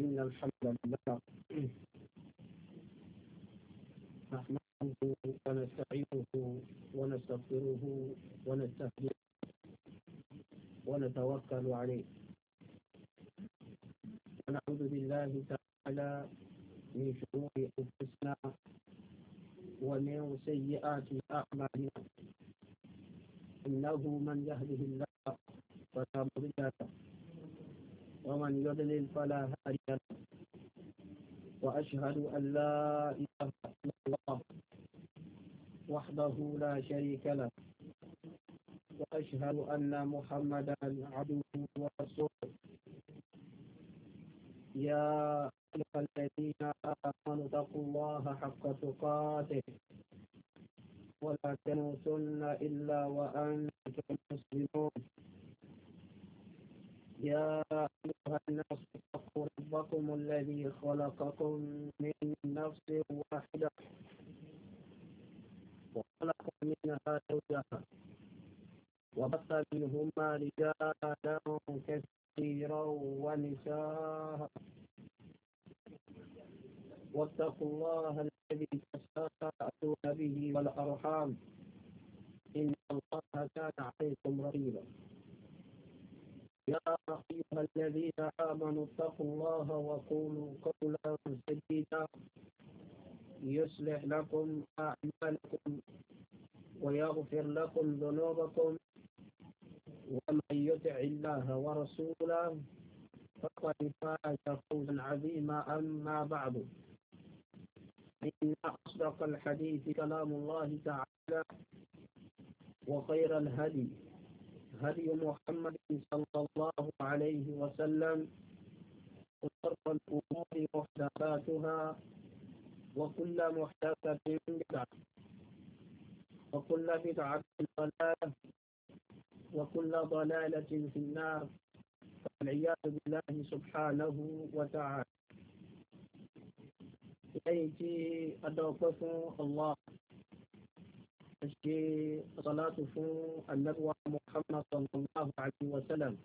إن الحمد لله نحمده ونستعينه ونستغفره ونستهديه ونتوكل عليه ونعوذ بالله تعالى من شرور أنفسنا ومن سيئات أعمالنا محمدا عبده لكم أعمالكم ويغفر لكم ذنوبكم ومن يطع الله ورسوله فقد فاز فوزا عظيما أما بعد إن أصدق الحديث كلام الله تعالى وخير الهدي هدي محمد صلى الله عليه وسلم وشر الأمور محدثاتها وكل محدثة بدعة وكل بدعة ضلالة وكل ضلالة في النار والعياذ بالله سبحانه وتعالى إليتي أدوقف الله أشكي صلاتكم النبوة محمد صلى الله عليه وسلم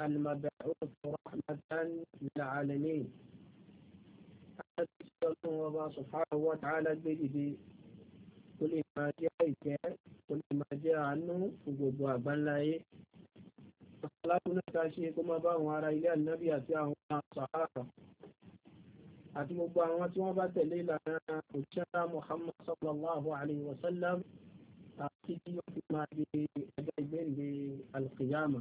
المبعوث رحمة للعالمين láti sọ́tún ọba subhanahu wa ta'ala gbé dìde kó lè máa jẹ́ ìjẹ́ kó lè máa jẹ́ àánú fún gbogbo àgbáńláyé. Alákùn náà ta ṣe kó máa bá àwọn ará ilé ànábì àti àwọn sàárà àti gbogbo àwọn tí wọ́n bá tẹ̀lé ìlànà òṣìṣẹ́lá Muhammad sallallahu alayhi wa sallam àti tí yóò fi máa di ẹgbẹ́ ìgbẹ́ǹde alqiyama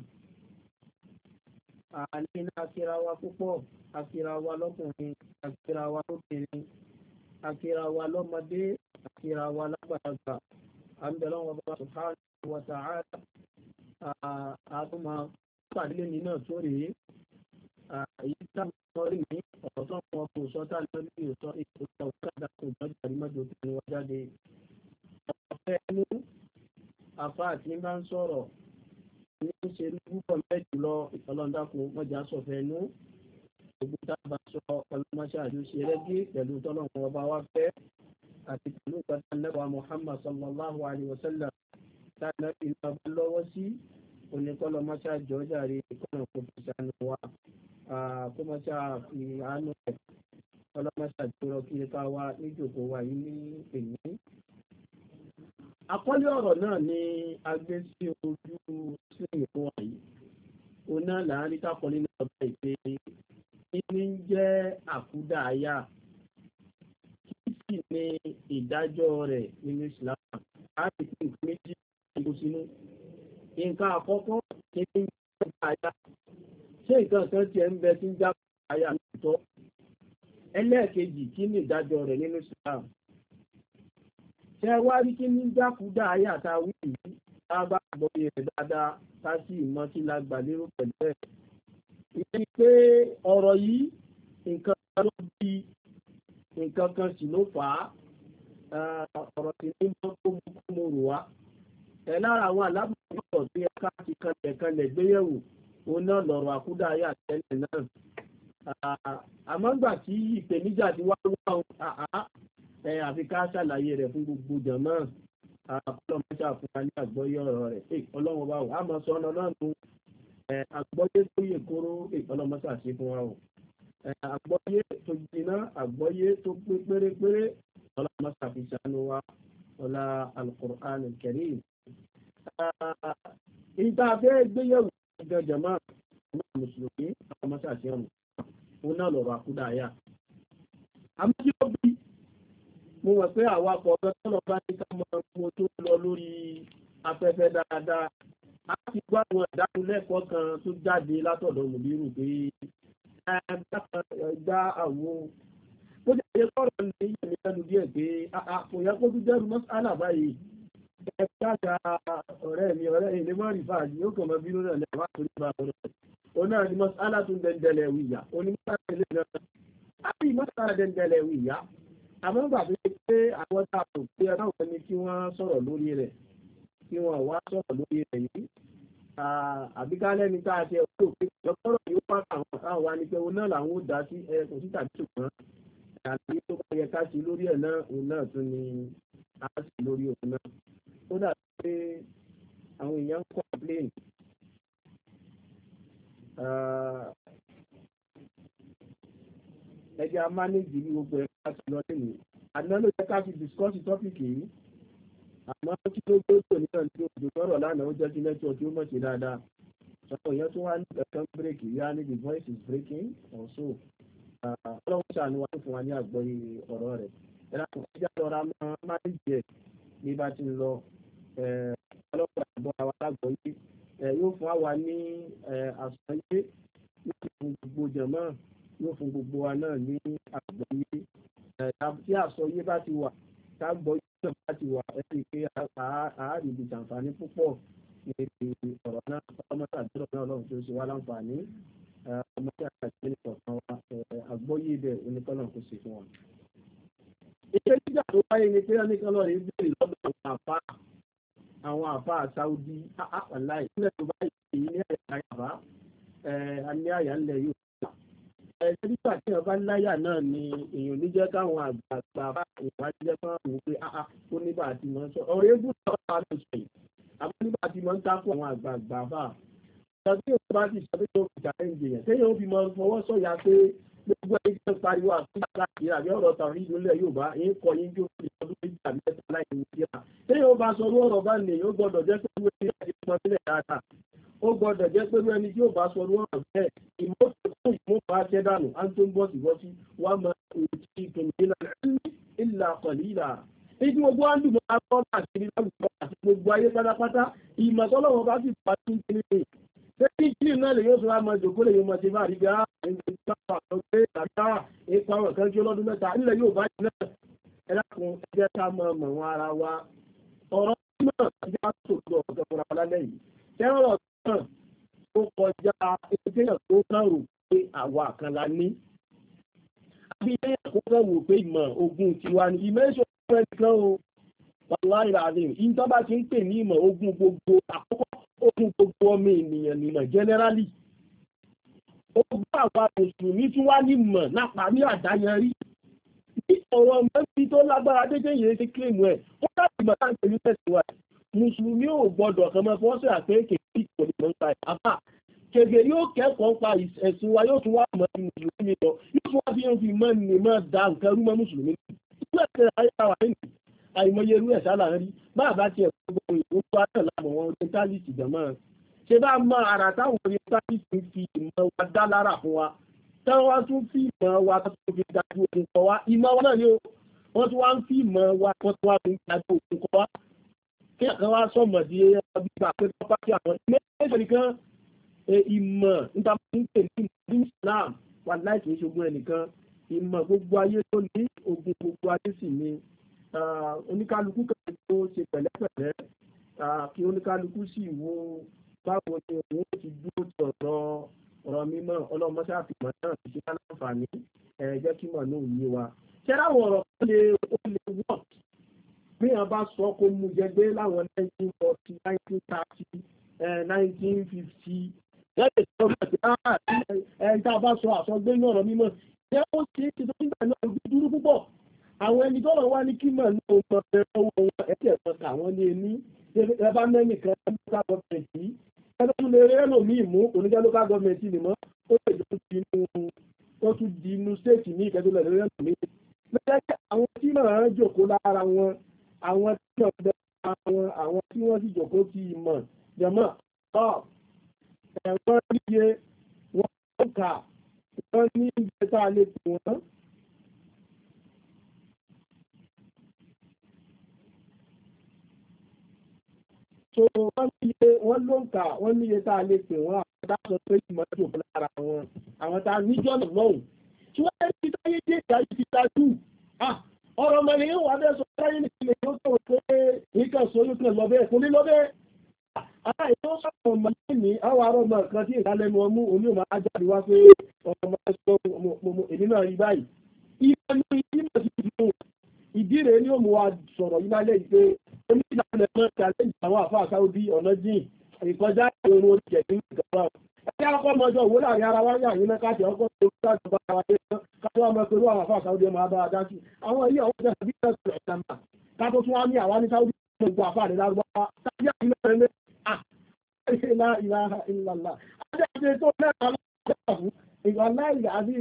àní náà akira wa púpọ̀ akira wa lọ́kùnrin akira wa lóbìnrin akira wa lọ́mọdé akira wa lágbàlagbà àbẹ̀lọ́wọ́ bá subhanahu wa ta'ala àtúmọ̀ pàdé ní náà tó rèé èyí táwọn rí ní ọ̀tọ̀ wọn kò sọ tá lórí ìtọ́ ìtọ́jà òkàdà kò gbọ́jà rí mọ́jọ tó ní wọ́n jáde ọ̀fẹ́ inú àfáà tí ní ṣe ní púpọ̀ mẹ́jù lọ ìtọ́lọ́dákun mọ́jà sọ̀fẹ́ nú gbogbo tábà sọ ọlọ́mọṣẹ́ àjọṣe rẹ́gí pẹ̀lú tọ́lọ́mọ ọba wa fẹ́ àti pẹ̀lú pẹ̀lú Muhammad sallallahu alayhi wa sallam tánà ìlú ọba lọ́wọ́ sí oníkọ́lọ̀ mọ́ṣá jọjà rí kọ́nà kó fi ṣàánú wa kó mọ́ṣá fi àánú rẹ̀ ọlọ́mọṣá jọrọ kí ká wá níjòkó wa yìí ní èyí. Àkọ́lé ọ̀rọ̀ náà ni a gbé sí ojú sí ìfún wa yìí. Òun náà là ń rí kákọ́lé náà bá ìpè ní jẹ́ àkúdàáyà kí sì ni ìdájọ́ rẹ̀ nínú ìsìlámù. A fi nǹkan méjì kó sínú nǹkan àkọ́kọ́ ní ìjọba àyà nǹkan kan ti ẹ̀ ń tí ń jábọ̀ àyà lóòótọ́ ẹlẹ́ẹ̀kejì kí ni ìdájọ́ rẹ̀ nínú Islam ṣe kí ní jákúdá ayé àtàwí yìí tá a bá gbọ́ iye dáadáa ká sì mọ kí la lérò pẹ̀lú ẹ̀ ìyẹn pé ọ̀rọ̀ yìí nǹkan kan ló bí nǹkan kan sì ló fà á ọ̀rọ̀ sì ní mọ́ tó mú kó mo rò wá ẹ̀ lára àwọn alábòsílọ̀ tí ẹ̀ka ti kanlẹ̀ kanlẹ̀ gbéyẹ̀wò òun náà lọ̀rọ̀ àkúdà ayé àtẹ́lẹ̀ náà àmọ́ ńgbà tí ìpèníjà ti wá wá ẹ̀ àfi ká ṣàlàyé rẹ̀ fún gbogbo jàmọ́ àpọ̀lọ́mọṣà fún wa ní àgbọ́yé ọ̀rọ̀ rẹ̀ ọlọ́run bá wà á mọ̀ sọ ọ́nà náà nù àgbọ́yé tó yè kóró ọlọ́mọṣà sí fún wa o àgbọ́yé tó jiná àgbọ́yé tó pé pérépéré ọlọ́mọṣà fi wa ọlá alukur'an kẹrin tá a fẹ́ gbéyẹ̀wò ìjọ jẹ̀mọ́ àwọn mùsùlùmí àwọn mọ́ṣáṣí ọ̀nà òun náà lọ̀rọ̀ àkúdà yá. àmọ́ tí ó bí mo mọ̀ pé àwa kọ̀ ọ̀gá tó lọ bá ní ká mọ mo tó lọ lórí afẹ́fẹ́ dáadáa a ti gbọ́ àwọn ìdánilẹ́kọ̀ọ́ kan tó jáde látọ̀dọ̀ mùbírù pé ẹgbá àwọn ó jẹ́ ìyẹ́kọ̀ọ́rọ̀ ní ìyẹ̀mí lẹ́nu díẹ̀ pé Ẹ̀ṣáàtà ọ̀rẹ́ mi, ọ̀rẹ́ ilé mọ́ rí fàájì, ó kàn mọ́ bí lórí ọ̀lẹ́ wá torí bá ọ̀rẹ́ rẹ̀. Ó náà ni mọ́sá látún dẹ̀ndẹ̀lẹ̀ wìyà, onímọ́sára ilé náà. A bí mọ́sára dẹ̀ndẹ̀lẹ̀ wìyà, àmọ́ gbà tó pé àwọn tá a rò pé ọlọ́run ni kí wọ́n sọ̀rọ̀ lórí rẹ̀, kí wọ́n wá sọ̀rọ̀ lórí rẹ̀ yìí. Àbíkálẹ́ ni tá a ṣe ọ̀rọ̀ pé ìjọkọ́rọ̀ yóò wá àwọn àwọn wa ni pé òun náà làwọn ó dá sí ẹ̀kọ́ sí tàbí ṣùgbọ́n àlàyé tó bá yẹ ká ṣe lórí ẹ̀ náà òun náà ó dà pé àwọn èèyàn ń complain ah, ẹjẹ́ a manage ní gbogbo ẹ̀ka láti lọ lẹ́nu àná ló jẹ́ ká fi discuss tọ́pìkì yìí àmọ́ kí ló gbé òjò nígbà tí òjò sọ̀rọ̀ lánàá ó jẹ́ kí network tí ó mọ̀ sí dáadáa sọ̀rọ̀ ìyẹn tó wá ní ẹ̀kan break yá ní the voice is breaking also ah, ọlọ́run ṣàánú wa fún wa ní àgbọ́yé ọ̀rọ̀ rẹ̀ ẹ̀rọ àkọ́kọ́ jẹ́ lọ́ra máa manage ẹ̀ ní bá ti ń lọ ọlọ́pàá àgbọn àwọn alágbọ̀nyé yóò fún àwa ní àsọyé yóò fún gbogbo jẹ̀mọ́ yóò fún gbogbo wa náà ní àgbọ̀nyé tí àsọyé bá ti wà tágbọ̀nyé náà bá ti wà ẹ̀ sì pé àárìbì jàǹfààní púpọ̀ ní ti ọ̀rọ̀ náà ọmọdé àdúrà náà ọlọ́run tó ṣe wá láǹfààní ọmọdé àti ọ̀kan wa àgbọ́yé ibẹ̀ oníkọ́nà kò sí fún wa. iṣẹ́ jíjà tó wáyé ni pé oníkọ́nà rí bèrè lọ́dọ̀ àwọn àfáà àwọn àbá Saudi àpàláì ah, ah, nílẹ̀ tó bá yìí ní àyà àbá ní àyà ńlẹ̀ yóò wà. ẹ̀ẹ́dẹ́ nígbà tí wọ́n bá láyà náà ni èèyàn ní jẹ́ káwọn àgbààgbà bá ìwà jẹ́ fún àwọn òwe ah, ó nígbà tí wọ́n sọ ọ̀rọ̀ eégún náà wà lọ sọ yìí àmọ́ nígbà tí wọ́n ń takò àwọn àgbààgbà bá ìgbà tí wọ́n bá ti sọ pé gbogbo ẹni tó ń pariwo àfihàn láti àbí ọ̀rọ̀ tàbí ìlú ilẹ̀ Yorùbá èyí kọ yín jó ní ọdún méjì àbí mẹ́ta láì ní síra tí yóò bá sọ ọ̀rọ̀ bá nìyẹn ó gbọ́dọ̀ jẹ́ pé wọ́n ti rí ọmọ sílẹ̀ dáadáa ó gbọ́dọ̀ jẹ́ pé ẹni tí yóò bá sọ ọ̀rọ̀ bẹ́ẹ̀ ìmọ̀tò fún ìmọ̀tò àṣẹdànù anton bọ́ọ̀sì bọ́sí wà máa ń ti kìnnìkan ìlà kọ̀lìlà ibi gbogbo wa ń dùn mọ́ akọ́lá àti ìlú àwùjọ àti gbogbo ayé pátápátá ìmọ̀tọ́lọ́wọ́ bá sì pàtó ń tẹ́lẹ̀ Ṣéjì jíì náà lè yóò fi wá mọ ìjòkó lè yóò mọ ti bá rí gbá ẹgbẹ́ ìjọba àwọn pé àtàwà ipa àwọn kan jẹ́ lọ́dún mẹ́ta nílẹ̀ yóò bá jìnà ẹlẹ́kùn ẹgbẹ́ ká mọ mọ̀ wọn ara wa. Ọ̀rọ̀ náà já sòdò ọ̀dọ̀ fúnra wa lálẹ́ yìí. Tẹ́rọ̀ náà ó kọjá ẹgbẹ́ tó kàn rò pé àwa kan la ní. Àbí ilé ẹ̀kọ́ kan wò pé ìmọ̀ ogun tiwa ni ìmẹ́sọ̀ fẹ́ kan o. Wàlúwàlú àdéhùn. Ìjọba ti ń pè ní ìmọ̀ ogun gbogbo àkọ́kọ́ ó gbogbo ọmọ ènìyàn nìmọ̀ generally ó gbọ́ àwa mùsùlùmí tí wá ní mọ̀ lápá ní àdáyanrí ní ọ̀rọ̀ mẹ́bí tó lágbára dédé yẹn ṣe kílèmù ẹ̀ ó dábì mọ̀ láǹkẹ́ ní tẹ̀síwá mùsùlùmí ò gbọdọ̀ kan mọ́ fọ́n sí àpéèkè tí kò lè mọ̀ nípa ẹ̀ àbá kẹ̀gẹ̀ yóò kẹ́kọ̀ọ́ nípa ẹ̀sìn wa yóò tún wá mọ̀ ní mùsùlùmí lọ yóò tún wá fi hàn fi mọ́ ní mọ́ da nǹkan rú mọ́ mùsùlùmí àìmọye irú ẹ̀ sálà ń rí bá àbá tiẹ̀ gbogbo ìgbógbó ayọ̀ láwọn orientalist jọmọ́ ṣe bá mọ ara táwọn orientalist ń fi ìmọ̀ wa dá lára fún wa táwọn wá tún fi ìmọ̀ wa tó fi dájú ogun kọ wa ìmọ̀ wa náà ni ó wọ́n tún wá ń fi ìmọ̀ wa tó tún wá fi dájú ogun kọ wa kí àkàn wá sọ̀mọ̀ sí gbígbà pé wọ́n bá ti àwọn ìmọ̀ nìkan e, ìmọ̀ níta máa ń pè ní ìmọ̀ Islam wà láì kìí ṣogun ẹnìkan ìmọ̀ gbogbo ayé ló ní ogun gbogbo ayé sì ni oníkálukú kan tó ṣe pẹ̀lẹ́pẹ̀lẹ́ kí oníkálukú sì wo báwo ni òun ti dúró ti ọ̀rọ̀ ọ̀rọ̀ mímọ́ ọlọ́mọṣẹ́ àfihàn náà ti ṣe ká láǹfààní ẹ̀ẹ́dẹ́ kí mọ̀ náà yé wa. ṣẹ́rá ọ̀rọ̀ kan lè ó lè wọ̀ bí wọ́n bá sọ kó mú jẹgbẹ́ láwọn 1940 1930 1950 lẹ́yìn tó bá ti ẹ̀ẹ́dá bá sọ àsọgbé ní ọ̀rọ̀ mímọ́ ṣé ó ṣe é ti tó ń náà dúdú púpọ̀ àwọn ẹni tọ́lọ̀ wá ní kímọ̀ ní ọmọ ẹ̀rọ wọn ẹ̀tí ẹ̀tọ́ àwọn ní ẹni ẹbá mẹ́rin kan local government yìí ẹgbẹ́ tún lè rẹ́ lòmíì mú oníjẹ́ local government ni mọ́ ó lè jọ di inú ó tún di inú state ní ìkẹ́tù lè rẹ́ lòmíì lọ́jọ́ pé àwọn tí màá ń jòkó lára wọn àwọn tí wọ́n bẹ àwọn àwọn tí wọ́n sì jòkó ti mọ̀ jẹ̀mọ́ ọ̀ ẹ̀wọ́n níye wọ́n kà wọ́n ní ìgbẹ́ta lè pè wọ́n so wọ́n níye wọ́n ló ń kà wọ́n níye tá a lè pè wọ́n àwọn tá a sọ pé ìmọ̀ tó bọ̀ lára wọn àwọn tá a níjọ́ nà lọ́hùn. tí wọ́n yẹ kí táyé dé ìdájú ti dájú ọ̀rọ̀ ọmọ ni yóò wá bẹ́ẹ̀ sọ táyé nìkan lè yóò tó pé nǹkan sọ yóò kàn lọ bẹ́ẹ̀ kò ní lọ bẹ́ẹ̀. àwọn èèyàn sọ̀rọ̀ ọmọ yìí ní àwọn ará ọmọ kan tí ìdálẹ́nu ọmú oní ọmọ ajáde wá pé ọmọ ẹ̀sọ́ èmi náà rí báyìí. ìdí rẹ̀ ni ó mú wa sọ̀rọ̀ yìí lálẹ́ yìí pé oníṣàlẹ̀ mọ́ challenge àwọn àfáà sáúdí ọ̀nà jìn ìkọjá ìrònú oúnjẹ ní ìjọba ẹgbẹ́ akọ́ mọ́jọ owó láàrin ara wáyé àyínná káàkiri ọkọ̀ tó ń sájọba ara rẹ̀ tán kájọ́ ọmọ pẹ̀lú àwọn àfáà sáúdí ọmọ abára dájú àwọn ilé ọwọ́ jẹ́ bí ẹ̀sùn ẹ̀sàmà kátó tún wá ní àwa ní sáúdí gbogbo àfáà rẹ̀ lárúbáwá tàbí àyínná rẹ̀ lé à ìlà ìlà ìlàlà ajá ìṣe tó mẹ́ta lọ́wọ́ ìgbà láì àbí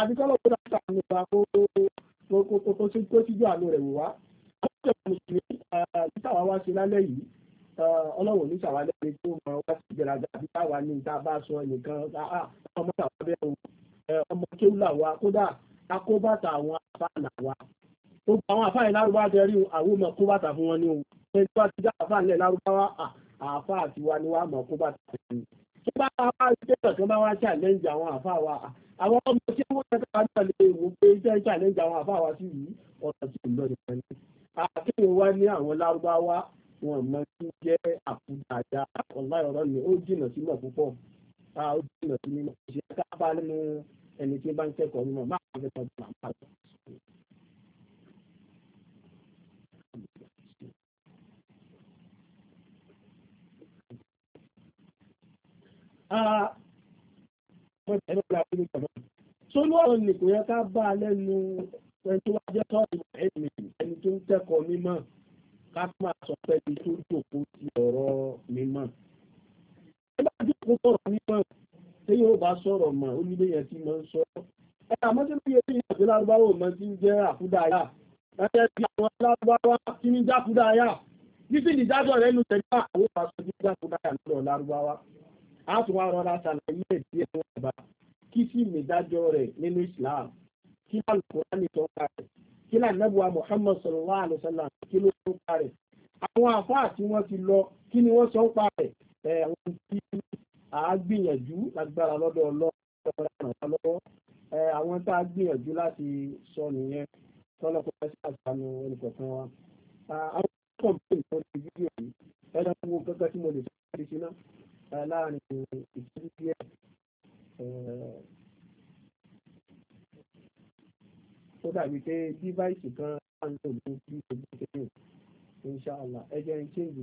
àbíkọ́lọ́wọ́ dáadáa nípa kó tó síjú àlọ́ rẹ̀ wò wá títàwà wá sí lálẹ́ yìí ọlọ́run ní sàwálẹ́ ni tó máa wá sí ìgbéraga àbí táwa ní ìta bá sọ ẹnìkan ọmọ tàwa bẹ́ẹ̀ o ọmọ kéwù làwa kódà akóbàtà àwọn afá làwa tó gba àwọn afá yẹn lárúbáwá tẹ rí àwọn ọmọ kóbàtà fún wọn ní o ẹni tó bá ti dá afá nílẹ̀ lárúbáwá àfá àti wa ni wà mọ̀ kóbàtà fún mi tó bá wá ṣẹ́yọ̀ tó bá wá challenge àwọn afá wa àwọn ọmọ tí wọ́n yẹ ká lè wò pé iṣẹ́ challenge àwọn afá wa sí yìí ọ̀rọ̀ sí ìlọrin pẹ̀lú àbíyàn wá ní àwọn lárúbáwá wọn mọ tí jẹ́ àkúdàdà ọ̀la ọ̀rọ̀ yìí ó jìnà sínú púpọ̀ ó jìnà sínú ìmọ̀ kò sí ẹ̀ka bá nínú ẹni tí bá ń kẹ́kọ̀ọ́ nínú máa ń fẹ́ tọ́jú àwọn àgbà. Sólú ọ̀rọ̀ nìkò yẹ ká bá a lẹ́nu ẹni tó wá jẹ́ tọ́ọ̀lù ẹ̀mí ẹni tó ń kẹ́kọ̀ọ́ mímọ́ ká máa sọ pé ẹni tó ń jòkó ti ọ̀rọ̀ mímọ́. ẹgbẹ́ àti òkú sọ̀rọ̀ mímọ́ tí yóò bá sọ̀rọ̀ mọ̀ ó nílé yẹn ti máa ń sọ. ẹ àmọ́ tí wọ́n yẹ kí ìyàtọ̀ lárúbáwò mọ́ ti ń jẹ́ àkúdàáyà ẹ ti àwọn lárúbáwá ti ń jákúdàáyà títí ìdájọ́ rẹ̀ ló tẹ̀lé àwọn aṣọ ní a tún wá rọra ṣàlàyé ẹ̀ díẹ̀ fún ọba kí sì ìdájọ́ rẹ̀ nínú kí alukurani tó parẹ́ kí lànàbùwà muhammad sallallahu alayhi wa sallam kí ló tó parẹ́ àwọn àfáà tí wọ́n ti lọ kí ni wọ́n sọ ń parẹ́ ẹ̀ àwọn tí a gbìyànjú lágbára lọ́dọ̀ ọlọ́run àwọn tá a gbìyànjú láti sọ nìyẹn tọ́lọ́pọ̀ ẹ̀sìn àti àwọn ẹnìkọ̀ọ̀kan wa. dàbí pé díváìsì kan wà ní òní bí gbogbo ṣe ń ṣe àlà ẹ jẹ́ ń ṣe ìdí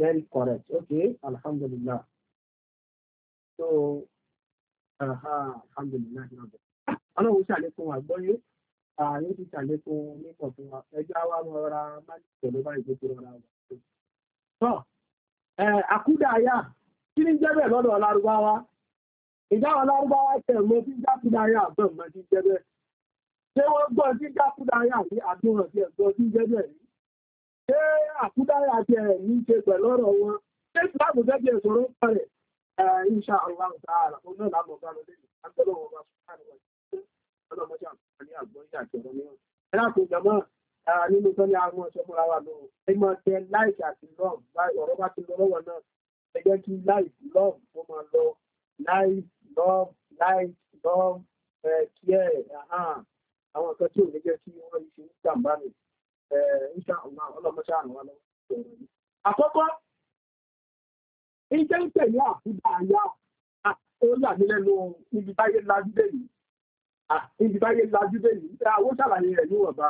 Very correct. Okay, Alhamdulillah. So, aha, Alhamdulillah. Ọlọ́run ó ṣàlékún àgbọ́yé, ah, ti fún wa, wà. Tọ́, àkúdàáyà, kí ni jẹ́ lọ́dọ̀ Lárúbáwá? Ìjáwọ̀ Lárúbáwá tẹ̀ mọ́ sí jákúdàáyà bẹ́ẹ̀ mọ́ sí jẹ́ Ṣé wọ́n gbọ́ sí àdúrà sí ẹ̀gbọ́n sí ṣé àkúdáyà àti ẹ̀rẹ̀ ní ṣe pẹ̀lọ́rọ̀ wọn ṣé ìsìláàmù jẹ́ bí ẹ̀sọ̀rọ̀ ń parẹ̀ ìṣà àwọn ọ̀tá àrà fún náà lábọ̀ bá lọ lẹ́yìn àtọ́lọ́wọ́ bá sùn káàrin wọn ọlọ́mọdé àǹfààní àgbọ̀nyé àti ọ̀rọ̀ mìíràn ẹ̀rọ àkójọmọ́ nínú sọ́ni àwọn ọ̀ṣọ́ fúnra wa lọ ẹ máa tẹ láìkì àti lọ́ọ̀ ọ̀rọ̀ bá ti lọ lọ́wọ́ náà ẹ jẹ́ kí láìkì lọ́ọ̀ ó máa lọ láìkì lọ́ọ̀ láìkì lọ́ọ̀ ẹ̀ kí ẹ̀ àwọn nǹkan tí ò ní jẹ́ kí wọ́n ṣe ń jàǹbá nìyí Eh, Àkọ́kọ́, ìjẹ́ ń tẹ̀lé àkúdà àyà ah, àkóyà nílẹ́nu níbi báyé lájúdé yìí. Níbi ah, báyé lájúdé yìí, àwọn ah, ṣàlàyé rẹ̀ níwọ̀nba.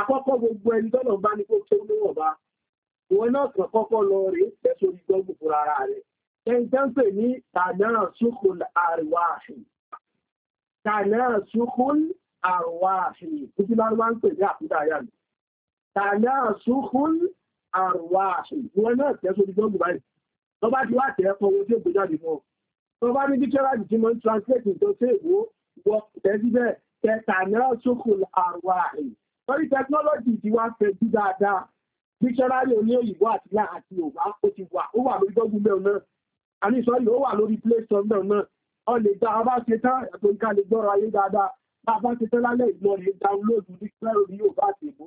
Àkọ́kọ́ gbogbo ẹni tọ́lọ̀ bá ní kó tó níwọ̀nba. Òun náà kàn kọ́kọ́ lọ rí pèsè ìgbọ́ gbogbo ara rẹ̀. Ẹnjẹ́ ń pè ní Tànáà Ṣúkùn Àrùwáàṣì. Tànáà Ṣúkùn Àrùwáàṣì. Ìjìlá ló máa ń pè ní àkúdà àyà mi tàyà ṣúkún àrùwà ìwọ̀n náà tẹ́ báyìí tó bá ti wá tẹ́ owó tí ó gbé jáde mọ́ tó bá ní díkẹ́rájì tí mo translate nǹkan sí èwo wọ tẹ́síbẹ̀ tẹ ṣúkún àrùwà lórí technology ti wá fẹ́ jù dáadáa díkẹ́rájì oní òyìnbó àti ilá àti òwá ó ti wà ó wà lórí gbọ́gbù mẹ́rin náà àní sọ́rí ó wà lórí play store náà ọ lè gba ọba ṣe tán ẹ̀kọ́ ìkàlẹ̀ gbọ́rọ̀ ayé dáadáa bá a bá ṣe tán lálẹ́ ìlọrin download díkẹ́rájì yóò bá àti ìbò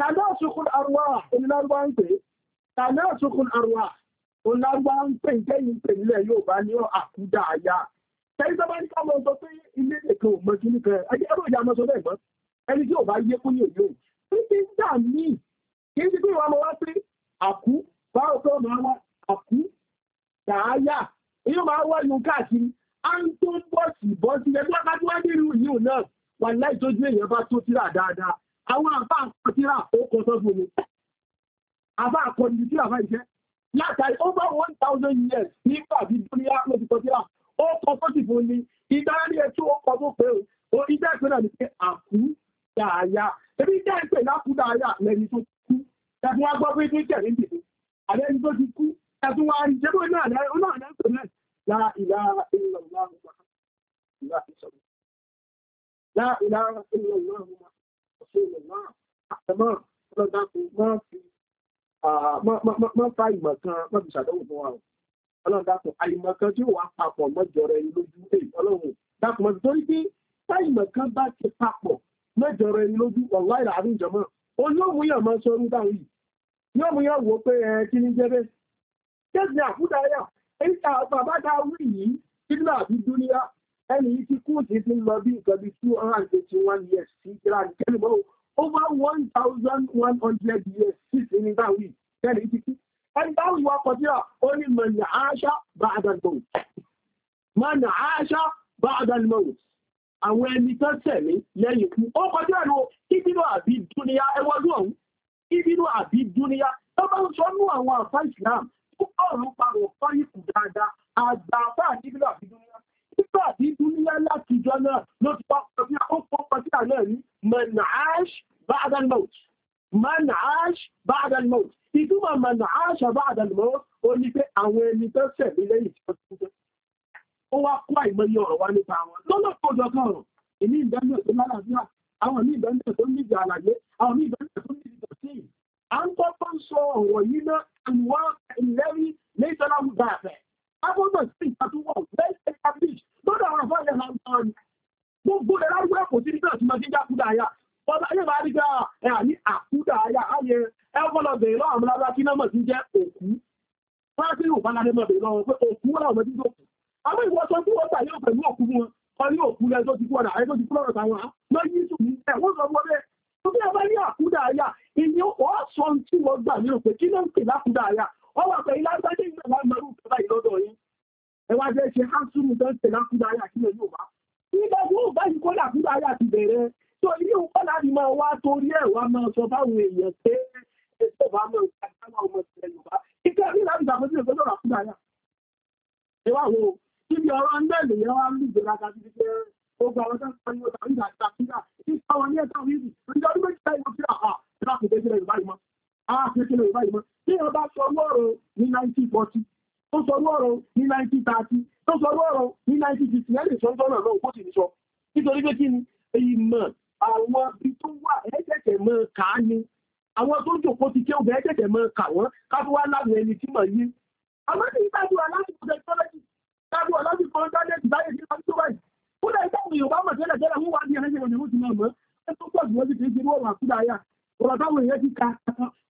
tànásùkùn àrùwà onílárúbá ń pè tànásùkùn àrùwà onílárúbá ń pè jẹ́yìn pè nílẹ̀ yóò bá ní àkúdà àyà tẹ́yí tó bá ní ká mọ̀ sọ pé ilé ètò òmọ̀jú nìkan ẹjẹ́ ẹ̀rọ ìyá ọmọ sọ bẹ́ẹ̀ mọ́ ẹni tí ò bá yé kú ní òye o títí ń àwọn àbá àkọtíra ó kọ sọ fún mi àbá àkọjú tíra máa jẹ́ látàrí over one thousand years nígbà bí dúníà ló ti kọtíra ó kọ sọ́sì fún mi tí ó kọ tó pé o ìdá ìpè náà ní pé àkú dàáyà ebi ìdá ìpè lákú dàáyà lẹni tó kú ẹ̀fún wa gbọ́ pé ní kẹrin dìde àlẹ́ni tó ti kú ẹ̀fún wa ń jẹ́ bó náà lẹ́yìn ó náà lẹ́yìn tó náà la ìlàrá ìlọ̀lá ìlọ̀lá ìlọ̀lá ṣe lè máa àtẹmọ́ ọlọ́dàkùn máa fi máa fa ìmọ̀ kan máa fi ṣàdánwò fún wa o ọlọ́dàkùn àìmọ̀ kan tí ó wà papọ̀ mọ́jọ rẹ lójú ẹ̀ ọlọ́run dàkùn mọ́ torí pé táìmọ̀ kan bá ti papọ̀ mọ́jọ rẹ lójú ọ̀la ìràrí ìjọmọ́ olóòmùyàn máa sọ orúkọ àwọn yìí yóò mú yàn wò pé ẹ kí ni jẹ́bẹ́ kéde àkúdáyà èyí tá bàbá dáwì yìí nínú àbí dúníyà ẹni yìí ti kú ti ti lọ bí nǹkan bí two hundred and eighty one years sí ìjìlá ní kẹ́lí over one thousand one hundred years sí ti ní báwí ẹni yìí ti kú. ẹni báwí wa kọjú à ó ní mọ̀nà àṣà bá àdàgbò mọ̀nà àṣà bá àdàgbò àwọn ẹni tó tẹ̀lé lẹ́yìn kú ó kọjú ẹ̀rọ ìbínú àbí dúníyà ẹwọ́dún ọ̀hún ìbínú àbí dúníyà tó bá ń sọnú àwọn àfáà ìsìlámù tó bá òun parọ̀ fọ́yìkù dáadáa àgbà àfáà ìbínú àbí dúníyà nígbà tí dúníyà látijọ́ náà ló ti wá pọ̀ sí àkókò pọ̀sí àná rí manash ba'dal maut manash ba'dal maut ìtumọ̀ manash ba'dal maut ó ní pé àwọn ẹni tó sẹ̀mí lẹ́yìn tí wọ́n ti jẹ́ ó wá kó àìmọye ọ̀rọ̀ wá nípa wọn lọ́nà tó jọ kan ọ̀rọ̀ èmi ìdánilẹ̀ tó lálàáfíà àwọn ní ìdánilẹ̀ tó ní ìjà àlàyé àwọn ní ìdánilẹ̀ tó ní ìjà sí à ń kọ́kọ́ sọ ọ̀rọ̀ yìí náà ìwọ́n ìlẹ́rí lẹ́sọ̀láwù dáàbẹ̀ a gbọ́dọ̀ sí ìtàtúwọ̀ well established lọ́dọ̀ àwọn afọ́ ilẹ̀ lágbàá ni gbogbo rẹ̀ lárúgbẹ́ kò sí nígbà tí mo ti ń jákúdà yá ọba ayé bá rí gbá ah, ẹ̀ àní àkúdà ayá ayé ẹgbọ́lọ̀ bèèrè lọ́wọ́ àwọn alára kí náà mọ̀ sí jẹ́ òkú wọ́n tí yóò bá lárẹ́ mọ̀ bèèrè lọ́wọ́ pé òkú wọ́n láwọn mọ̀jú òkú àwọn ìwọ sọ tí wọ́n gbà yóò pẹ̀lú òkú wọn kọ ní òkú rẹ tó ti kú ọ̀nà àrẹ́tó ti kú lọ́rọ̀ táwọn lọ yí tù ní ẹ̀ wọ́n sọ wọ́n bẹ́ẹ̀ tó bí ọba ní àkúdà ayá ìyẹn ọ̀ sọ tí wọ́n gbà nínú pé kí náà ń pè lákúdà ayá ọ wà pẹ̀lú lágbájé ìgbà máa mọ̀rú ìjọba ìlọ́dọ̀ yín ẹ wá jẹ́ ṣe hásùrù tó ń tẹ̀ lákúdá ayé àti ilẹ̀ yóò bá nígbà tó bá yìí kó làkúdá ayé àti bẹ̀rẹ̀ tó ilé òkú láti máa wá torí ẹ̀ wá máa sọ fáwọn èèyàn pé ètò bá mọ̀ ìgbàgbọ́ ọmọ ìlẹ̀ Yorùbá ìkẹ́ rí láti ṣàkóso ìgbẹ́jọ́ làkúdá ayé ẹ wá wo ibi ọ̀rọ̀ ń bẹ̀ wá ń lù ààfẹ́kẹ́lẹ̀ ìbáyìí mọ́ tí wọ́n bá sọ lọ́rọ̀ ní 1940 tó sọ lọ́rọ̀ ní 1930 tó sọ lọ́rọ̀ ní 1950 ẹ̀rì sọ́jọ́ náà lọ́wọ́ bó ti ní sọ nítorí pé kí ni ìmọ̀ àwọn ibi tó wà ẹ̀ẹ́dẹ̀kẹ̀ mọ́ ká ní àwọn tó jòkó ti kí ọgbẹ̀ ẹ̀ẹ́dẹ̀kẹ̀ mọ́ kà wọ́n káfí wá láwọn ẹni tí mọ̀ yí àmọ́ ní ìtàdùn alásìkò tẹkinọ́lọ́jì tàbí ọlọ́sìkò ọjọ́lẹ́sì báyé sí ọdún tó báyìí kódà ìtàkùn Yorùbá mọ̀ tẹ́lẹ̀ tẹ́lẹ̀ wọ́n wá ní ẹ̀ẹ́dẹ̀kẹ̀ mọ́ ti mọ̀ mọ́ ẹ̀ tó pọ̀ jù wọ́n ti kì í ṣe ní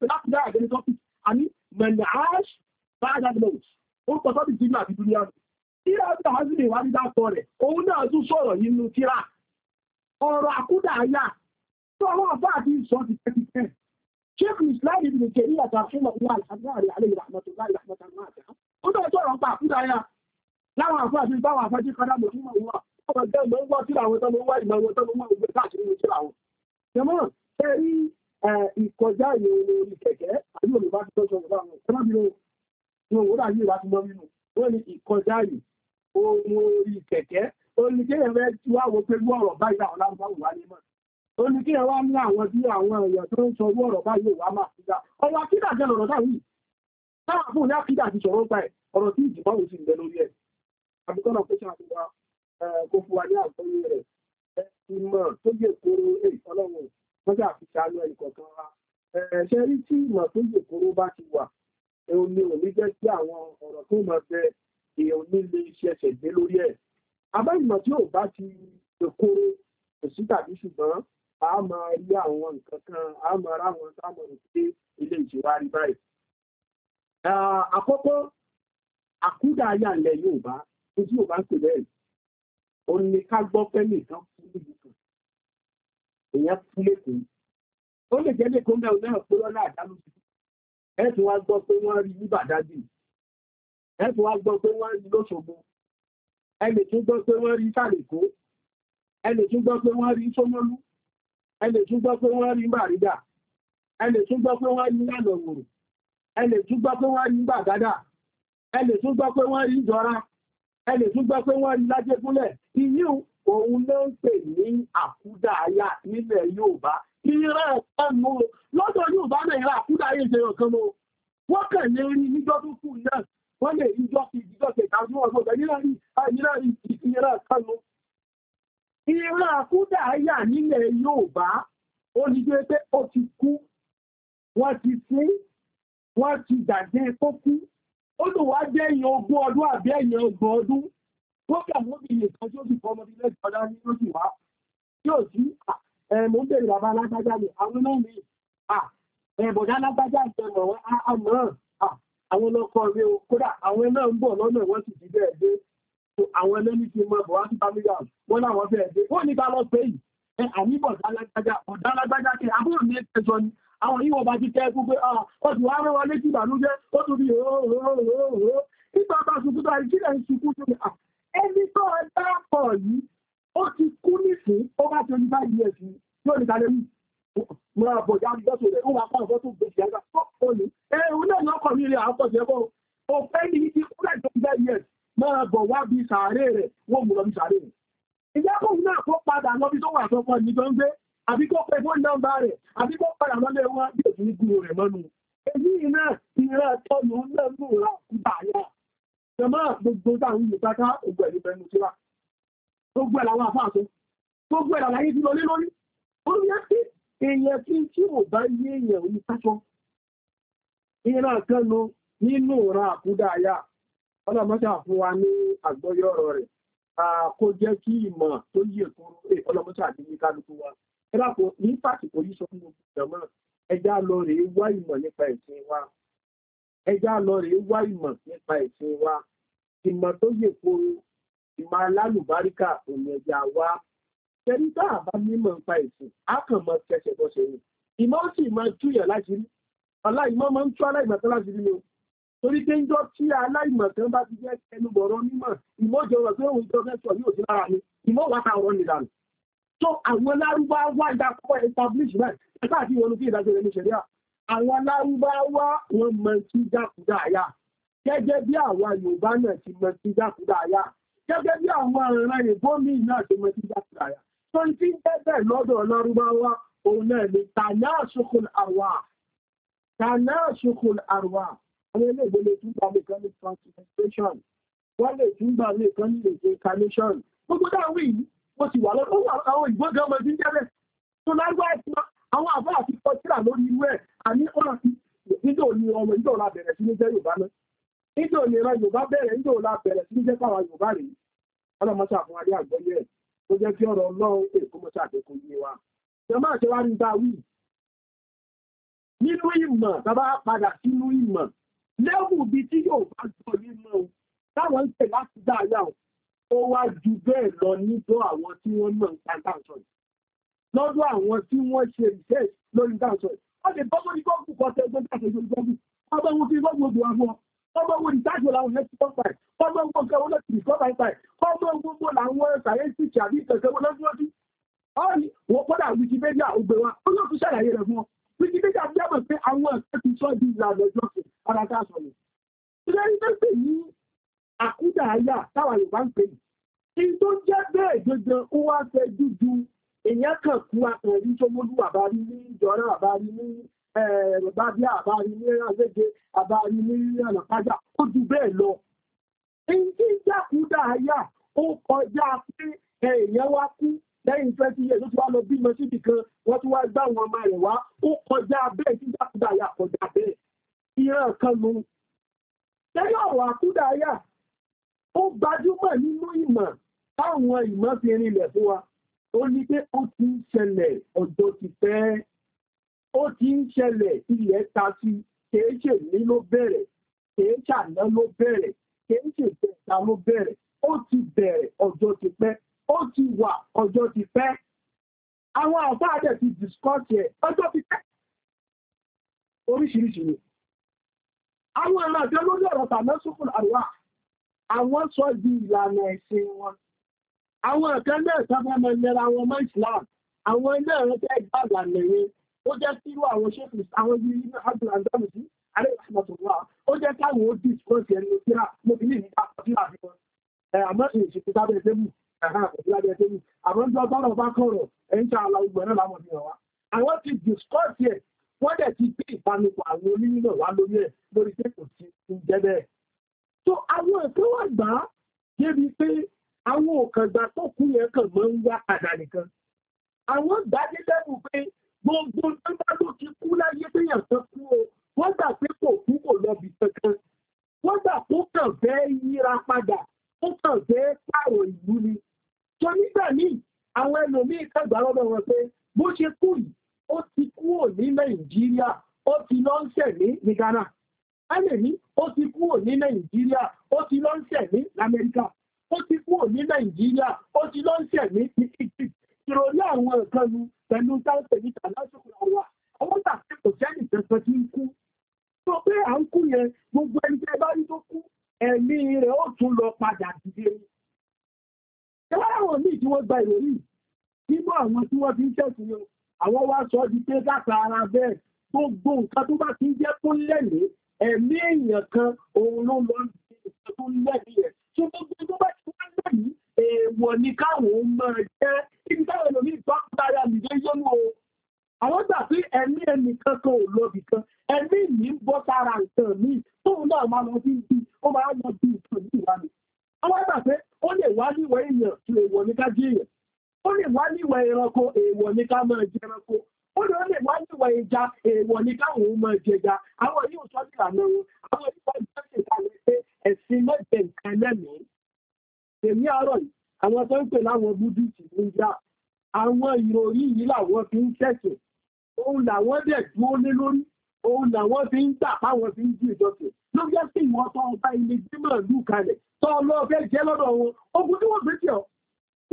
pè láti dára gẹ́gẹ́ tọ́pì àní mẹ̀láàṣ báyà ó pọ̀ tọ́pì jínú àti dúnú yàrá tíra bí àwọn sílẹ̀ wá dídá rẹ̀ òun náà tún sọ̀rọ̀ nínú tíra ọ̀rọ̀ àkúdà ayà tó àwọn àbá àti ìsọ ti tẹ́ tẹ́ sheikh islam ibn kẹrí àti àfihàn ìwà àlàáfíà àlẹ́ ìràmọ̀tòlá ìràmọ̀tòlá ìkọjá ìròyìn orí kẹ̀kẹ́ àbí olùbá ti tọ́jú ọ̀gá àwọn ọ̀gá bí wọn ò dàbí ìwà ti mọ́ nínú wọ́n ní ìkọjá ìròyìn orí kẹ̀kẹ́ olùkẹ́yẹ̀ fẹ́ wá wo pé wọ́ọ̀rọ̀ báyìí àwọn ní mọ́ olùkẹ́yẹ̀ wá ní àwọn bí àwọn èèyàn tó ń sọ wọ́ọ̀rọ̀ báyìí wá máa fi dá ọwọ́ akídà jẹ́ lọ́rọ̀ wọ́n jà fi ṣàánú ẹnì kọ̀ọ̀kan wa ṣe rí tí ìmọ̀ tó yèkóró bá ti wà òun ni òní jẹ́ kí àwọn ọ̀rọ̀ tó mọ̀ bẹ èèyàn nílé iṣẹ́ ẹsẹ̀ gbé lórí ẹ̀ abá ìmọ̀ tí ò bá ti yèkóró kò sí tàbí ṣùgbọ́n a máa rí àwọn nǹkan kan a máa rá àwọn sáwọn òṣèré ilé ìṣèwà rí báyìí. àkọ́kọ́ àkúdà ayà ilẹ̀ Yorùbá ojú Yorùbá ń pè bẹ́ẹ̀ òun ni ká gbọ́ pẹ́ nìkan èèyàn kú lẹ́kọ̀ọ́ ó lè jẹ́ lẹ́kọ̀ọ́ mẹ́rin náà pé lọ́nà àdánù sí ẹ tún wá gbọ́ pé wọ́n rí ní bàdájì ẹ tún wá gbọ́ pé wọ́n rí lóṣogbo ẹ lè tún gbọ́ pé wọ́n rí sàlẹ̀kó ẹ lè tún gbọ́ pé wọ́n rí ẹ lè tún òun ló ń pè ní àkúdàáyà nílẹ̀ Yorùbá ìrẹ́ ẹ̀kọ́nu lọ́dọ̀ Yorùbá náà ìrẹ́ àkúdàáyà ìṣe ọ̀kan lọ wọ́n kàn lè rí níjọ́ tó kù náà wọ́n lè rí jọ́ kejì jọ́ kẹta ní ọ̀sán ọ̀sán ìrẹ́ ìrẹ́ ẹ̀kọ́nu ìrẹ́ àkúdàáyà nílẹ̀ Yorùbá ó ní gbé pé ó ti kú wọ́n ti fún wọ́n ti gbàgbé tó kú ó lò wá jẹ́ ìyẹn ogún ọdún àbí ẹ̀yìn ọgbọ̀n ọdún tó kà mú bí iye kan tí ó sì fọ́ ọmọdé lẹ́jọ́ ọ̀dá ní lójú wa tí ò sí ẹ̀mú bèrè bàbá alágbájá ni àwọn mẹ́rin ẹ̀bọ̀dá alágbájá ìjẹmọ̀ wọn àmọ́ àwọn ọlọ́kọ̀ rẹ o kódà àwọn náà ń bọ̀ lọ́nà wọ́n sì ti bẹ́ẹ̀ dé àwọn ẹlẹ́ni ti mọ bọ̀ wá sí family house wọ́n láwọn bẹ́ẹ̀ dé ó ní ká lọ pé yìí ẹ àníbọ̀dá alágbájá ọ̀dá alágbájá kí àbúrò mi ẹ̀sọ́ ni àwọn yíwọ̀ bá ti tẹ́ ẹkú pé ọdún wá rán wọn létí ìbànújẹ́ ó tún bí ooo ooo ooo nígbà bá sunkún tó àìjíríà ń sunkún tó ẹni tó ọjọ́ pọ̀ yìí ó ti kú nìsín ó bá ti oníbá yìí ẹ̀sìn yóò ní kalẹ̀ yìí mo ra bọ̀dá lọ́sọ̀ rẹ̀ ó wà pa ọ̀fọ́ tó gbèsè àgbà ó ní ẹ̀rùn náà lọ́kọ̀ mi rẹ̀ àwọn ọ̀sẹ̀ ẹ̀kọ́ o fẹ́ ní ti kú láì tó ń bẹ́ẹ̀ yẹ̀ máa bọ̀ wá bí sàárè rẹ̀ wọ́n mú lọ bí sàárè rẹ̀ ìyá kò náà kó padà lọ bí tó wà sọ́kọ́ ní tó ń gbé àbí kó pẹ́ fóònù nọ́mbà rẹ̀ àbí kó padà lọ́lẹ̀ wọn bí òfin gúrò rẹ̀ mọ́nu èyí náà ìran tọ́nu náà ń jẹmọ́ gbogbo dáhùn ìlú pátá ogun ẹ̀lú pẹ̀lú tí wá gbogbo ẹ̀lá wọn àfáà tó gbogbo ẹ̀lá láyé tí lọ lé lórí ó ní ẹ́sí èèyàn tí tí ò bá yé èèyàn orí sáṣọ ìyẹn náà kan lo nínú ra àkúdà àyà ọlọ́mọṣà fún wa ní àgbọ́yé ọ̀rọ̀ rẹ̀ kó jẹ́ kí ìmọ̀ tó yẹ kóró rè ọlọ́mọṣà àti ní kálukú wa ẹ dákun ní pàtìkò yìí sọ fún gbogbo ìjọba ẹja lọ rèé wá ìmọ̀ nípa ẹ̀sìn wa ẹjá lọ rèé wá ìmọ̀ nípa ẹ̀sìn wa ìmọ̀ tó yè koro ìmọ̀ alálùbáríkà òun ẹja wa tẹ̀lé tá a bá mímọ̀ nípa ẹ̀sìn á kàn mọ kẹsẹ̀ bọ́sẹ̀ yìí ìmọ̀ ó sì máa túyàn láti rí aláìmọ̀ máa ń tú aláìmọ̀kan láti rí o torí pé ń jọ tí aláìmọ̀kan bá ti jẹ́ ẹnubọ̀rọ̀ mímọ̀ ìmọ̀ òjò rẹ̀ pé òun jọ fẹ́ sọ yóò sí lára mi ìmọ̀ wà ká ọ̀rọ̀ nìlànà tó àwọn lárúbáwá ìdákọ́ establishment ẹ̀ka àti ìwọ̀n olùkí ìdájọ́ rẹ̀ àwọn lárúbáwá wọn mọ sí jákúdáyà gẹ́gẹ́ bí àwọn yorùbá náà ti mọ sí jákúdáyà gẹ́gẹ́ bí àwọn ìran ìbómi náà ti mọ sí jákúdáyà tó ń tí ń tẹ́tẹ̀ lọ́dọ̀ lárúbáwá òun náà ni tanasukul arwa tanasukul arwa àwọn eléègbé lè tún gbà nìkan ní transportation wọ́n lè tún gbà nìkan ní incarnation gbogbo dáwí yìí mo ti wà lọ́wọ́ àwọn ìgbọ́gán ọmọdé ń jẹ́lẹ̀ tó lágbàá àwọn àbá àti kọtíra lórí irú ẹ̀ àní ọ̀rọ̀ níjọ́ ni ọmọ níjọ́ la bẹ̀rẹ̀ sí ní jẹ́ Yorùbá náà níjọ́ ni ìran Yorùbá bẹ̀rẹ̀ níjọ́ la bẹ̀rẹ̀ sí ní jẹ́ káwa Yorùbá rèé ọlọ́mọṣà fún adé àgbọ́yé ẹ̀ tó jẹ́ kí ọ̀rọ̀ Ọlọ́run èkó mọ́ṣà àdékò yé wa ṣe máa ṣe wá ní bá wí nínú ìmọ̀ tàbá padà sínú ìmọ̀ lẹ́wù bí tí yóò bá gbọ́ nímọ̀ o táwọn ń tẹ̀ láti dáyà o ó wá ju bẹ́ẹ̀ lọ níjọ́ àwọn a lè bọ́ lórí gọ́ọ̀gù kan tẹ́ gbọ́dọ̀ àti ìjọba gọ́ọ̀gù ọgbà wo ti gọ́ọ̀gù odò àwọn ọgbà wo ìdájọ́ làwọn yẹn ti tọ́ pa ẹ̀ ọgbà wo nǹkan wọn ti kọ́ pa ẹ̀ ọgbà gbogbo làwọn sàyẹ́ǹsì tàbí kẹ̀kẹ́ wọn lọ́dúnrọ́dún ọ̀rì wọ́n kọ́dà Wikipedia ògbè wa ó yóò tún ṣàlàyé rẹ̀ fún ọ Wikipedia bí àmọ̀ pé àwọn ẹ̀kẹ́ ti sọ di ìlànà ìjọsìn ara ká sọ yìí ilé ní pé ní àkúdà ayà táwa Yorùbá ń pè ní tó jẹ́ bẹ́ẹ̀ gbogbo ó wá fẹ́ dúdú èyàn kàn kú àpẹẹrí tó mọ́lú àbárí ní ìjọra àbárí ní ẹ̀rọ̀bábíà eh, àbárí ní àgbègbè àbárí ní ó ju bẹ́ẹ̀ lọ. èyí tí ya ó kọjá pé èèyàn wá kú lẹ́yìn twenty years ó ti wá lọ bímọ síbi kan wọ́n ti wá ọmọ rẹ̀ wá ó kọjá bẹ́ẹ̀ kọjá bẹ́ẹ̀ ìran kan nu. lẹ́yìn ọ̀rọ̀ ó gbajúmọ̀ nínú ìmọ̀ táwọn ó ní pé ó ti ń ṣẹlẹ̀ ọjọ́ ti pẹ́ ó ti ń ṣẹlẹ̀ ilẹ̀ ta sí kìí ṣe ní ló bẹ̀rẹ̀ kìí ṣàná ló bẹ̀rẹ̀ kìí ṣe ìjẹta ló bẹ̀rẹ̀ ó ti bẹ̀rẹ̀ ọjọ́ ti pẹ́ ó ti wà ọjọ́ ti pẹ́ àwọn àfáà dẹ̀ ti discuss ẹ̀ ọjọ́ ti pẹ́ oríṣiríṣi ni àwọn ìrìnàjò lórí ọ̀rọ̀ tàbí sókùn àríwá àwọn sọ di ìlànà ẹ̀sìn wọn àwọn ọ̀kan náà sábà máa nẹra wọn mọ́ Islam àwọn náà fẹ́ gbàgbà lẹ́yìn ó jẹ́ kí irú àwọn ṣéfù àwọn yìí ní abdul andamu sí alẹ́ ìsàmọ̀tòwà ó jẹ́ káwọn ó dìsíkọ́sì ẹni òkúra mo fi ní ìlú àkọsílà àbí wọn àmọ́ ìṣèkú sábẹ́ tẹ́bù àkọsílẹ̀ tẹ́bù àmọ́ ní ọgọ́rọ̀ bá kọ̀rọ̀ ẹ̀yìn tí àlà ìgbọ̀n náà láwọn fi hàn wá àwọn ti dìsíkọ́sì ẹ̀ wọ́n dẹ̀ ti gbé ìbánipọ̀ àwọn onímọ̀ wá lórí ẹ̀ lórí pé kò sí ń jẹ́ bẹ́ẹ̀. tó àwọn ẹ̀kọ́ wà gbà débi pé àwọn òkàngbà tó kú yẹn kàn mọ́ ń wá padà nìkan àwọn gbàdé lẹ́nu pé gbogbo nígbà ló ti kú láyé téèyàn kan kú o wọ́n gbà pé kò kú kò lọ́bì kankan wọ́n gbà kó kàn fẹ́ yíra padà ó kàn fẹ́ pààrọ̀ ìlú ni tó nígbà míì àwọn ẹlòmíín kàgbà lọ́dọ̀ wọn pé bó ṣe kú yìí ó ti kú ò ní nàìjíríà ó ti lọ ń sẹ̀ ní ní Ghana a lè ní ó ti kú ò ní nàìjíríà ó ti lọ ń sẹ̀ ní lamẹ́ríkà ó ti kúrò ní nàìjíríà ó ti lọ ń ṣẹ̀mí ní egypt ìròrí àwọn nǹkan nu pẹ̀lú táǹpẹ̀ níta lásìkò àwà àwọn tàbí kò sẹ́nì kankan tí ń kú sọ pé à ń kú yẹn gbogbo ẹni tẹ́ bá rí tó kú ẹ̀mí rẹ̀ ó tún lọ padà dìde ìwọ́n àwọn míì tí wọ́n gba ìròyìn nínú àwọn tí wọ́n fi ń ṣẹ̀sùn yẹn àwọn wá sọ di pé dáta ara bẹ́ẹ̀ gbogbo nǹkan tó bá ti ń jẹ́ tó lẹ́lẹ̀ ẹ̀mí èèyàn kan òun ló lọ ń di tó lẹ́lẹ̀ yẹn tó gbogbo tó bá báyìí èèwọ̀ ni káwọn máa jẹ́ ibi táwọn ẹlòmíì bá gbára nìyẹn yónú o àwọn gbà pé ẹ̀mí ẹnìkan kan ò lọ bìkan ẹ̀mí mi ń bọ́ sára nǹkan mi tóun náà máa lọ sí ibi ó máa lọ bí nǹkan yìí wá mi àwọn gbà pé ó lè wá níwọ̀ èèyàn ju èèwọ̀ ní ká jí èèyàn ó lè wá níwọ̀ ẹranko èèwọ̀ ní ká máa jẹ ẹranko ó lè ó lè wá níwọ̀ ẹja èèwọ̀ ní káwọn ó máa jẹ ẹja àwọn yóò sọ́dọ̀ ìlànà wọn àwọn yóò sọ́dọ̀ ìlànà pé ẹ̀sìn mọ́jẹ nǹkan lẹ́mìí èmi àárọ̀ yìí àwọn tó ń pè láwọn búdíìtì ní ìjà àwọn ìròrí yìí làwọn fi ń kẹ̀sìn òun làwọn dẹ̀ dúró lé lórí òun làwọn fi ń gbà páwọn fi ń jí ìjọsìn ló jẹ́ sí ìwọ̀n tó ọba ilé gbímọ̀ lù kalẹ̀ tó ọlọ́ọ̀fẹ́ jẹ́ lọ́dọ̀ wọn ogun tí wọ́n fi tì ọ́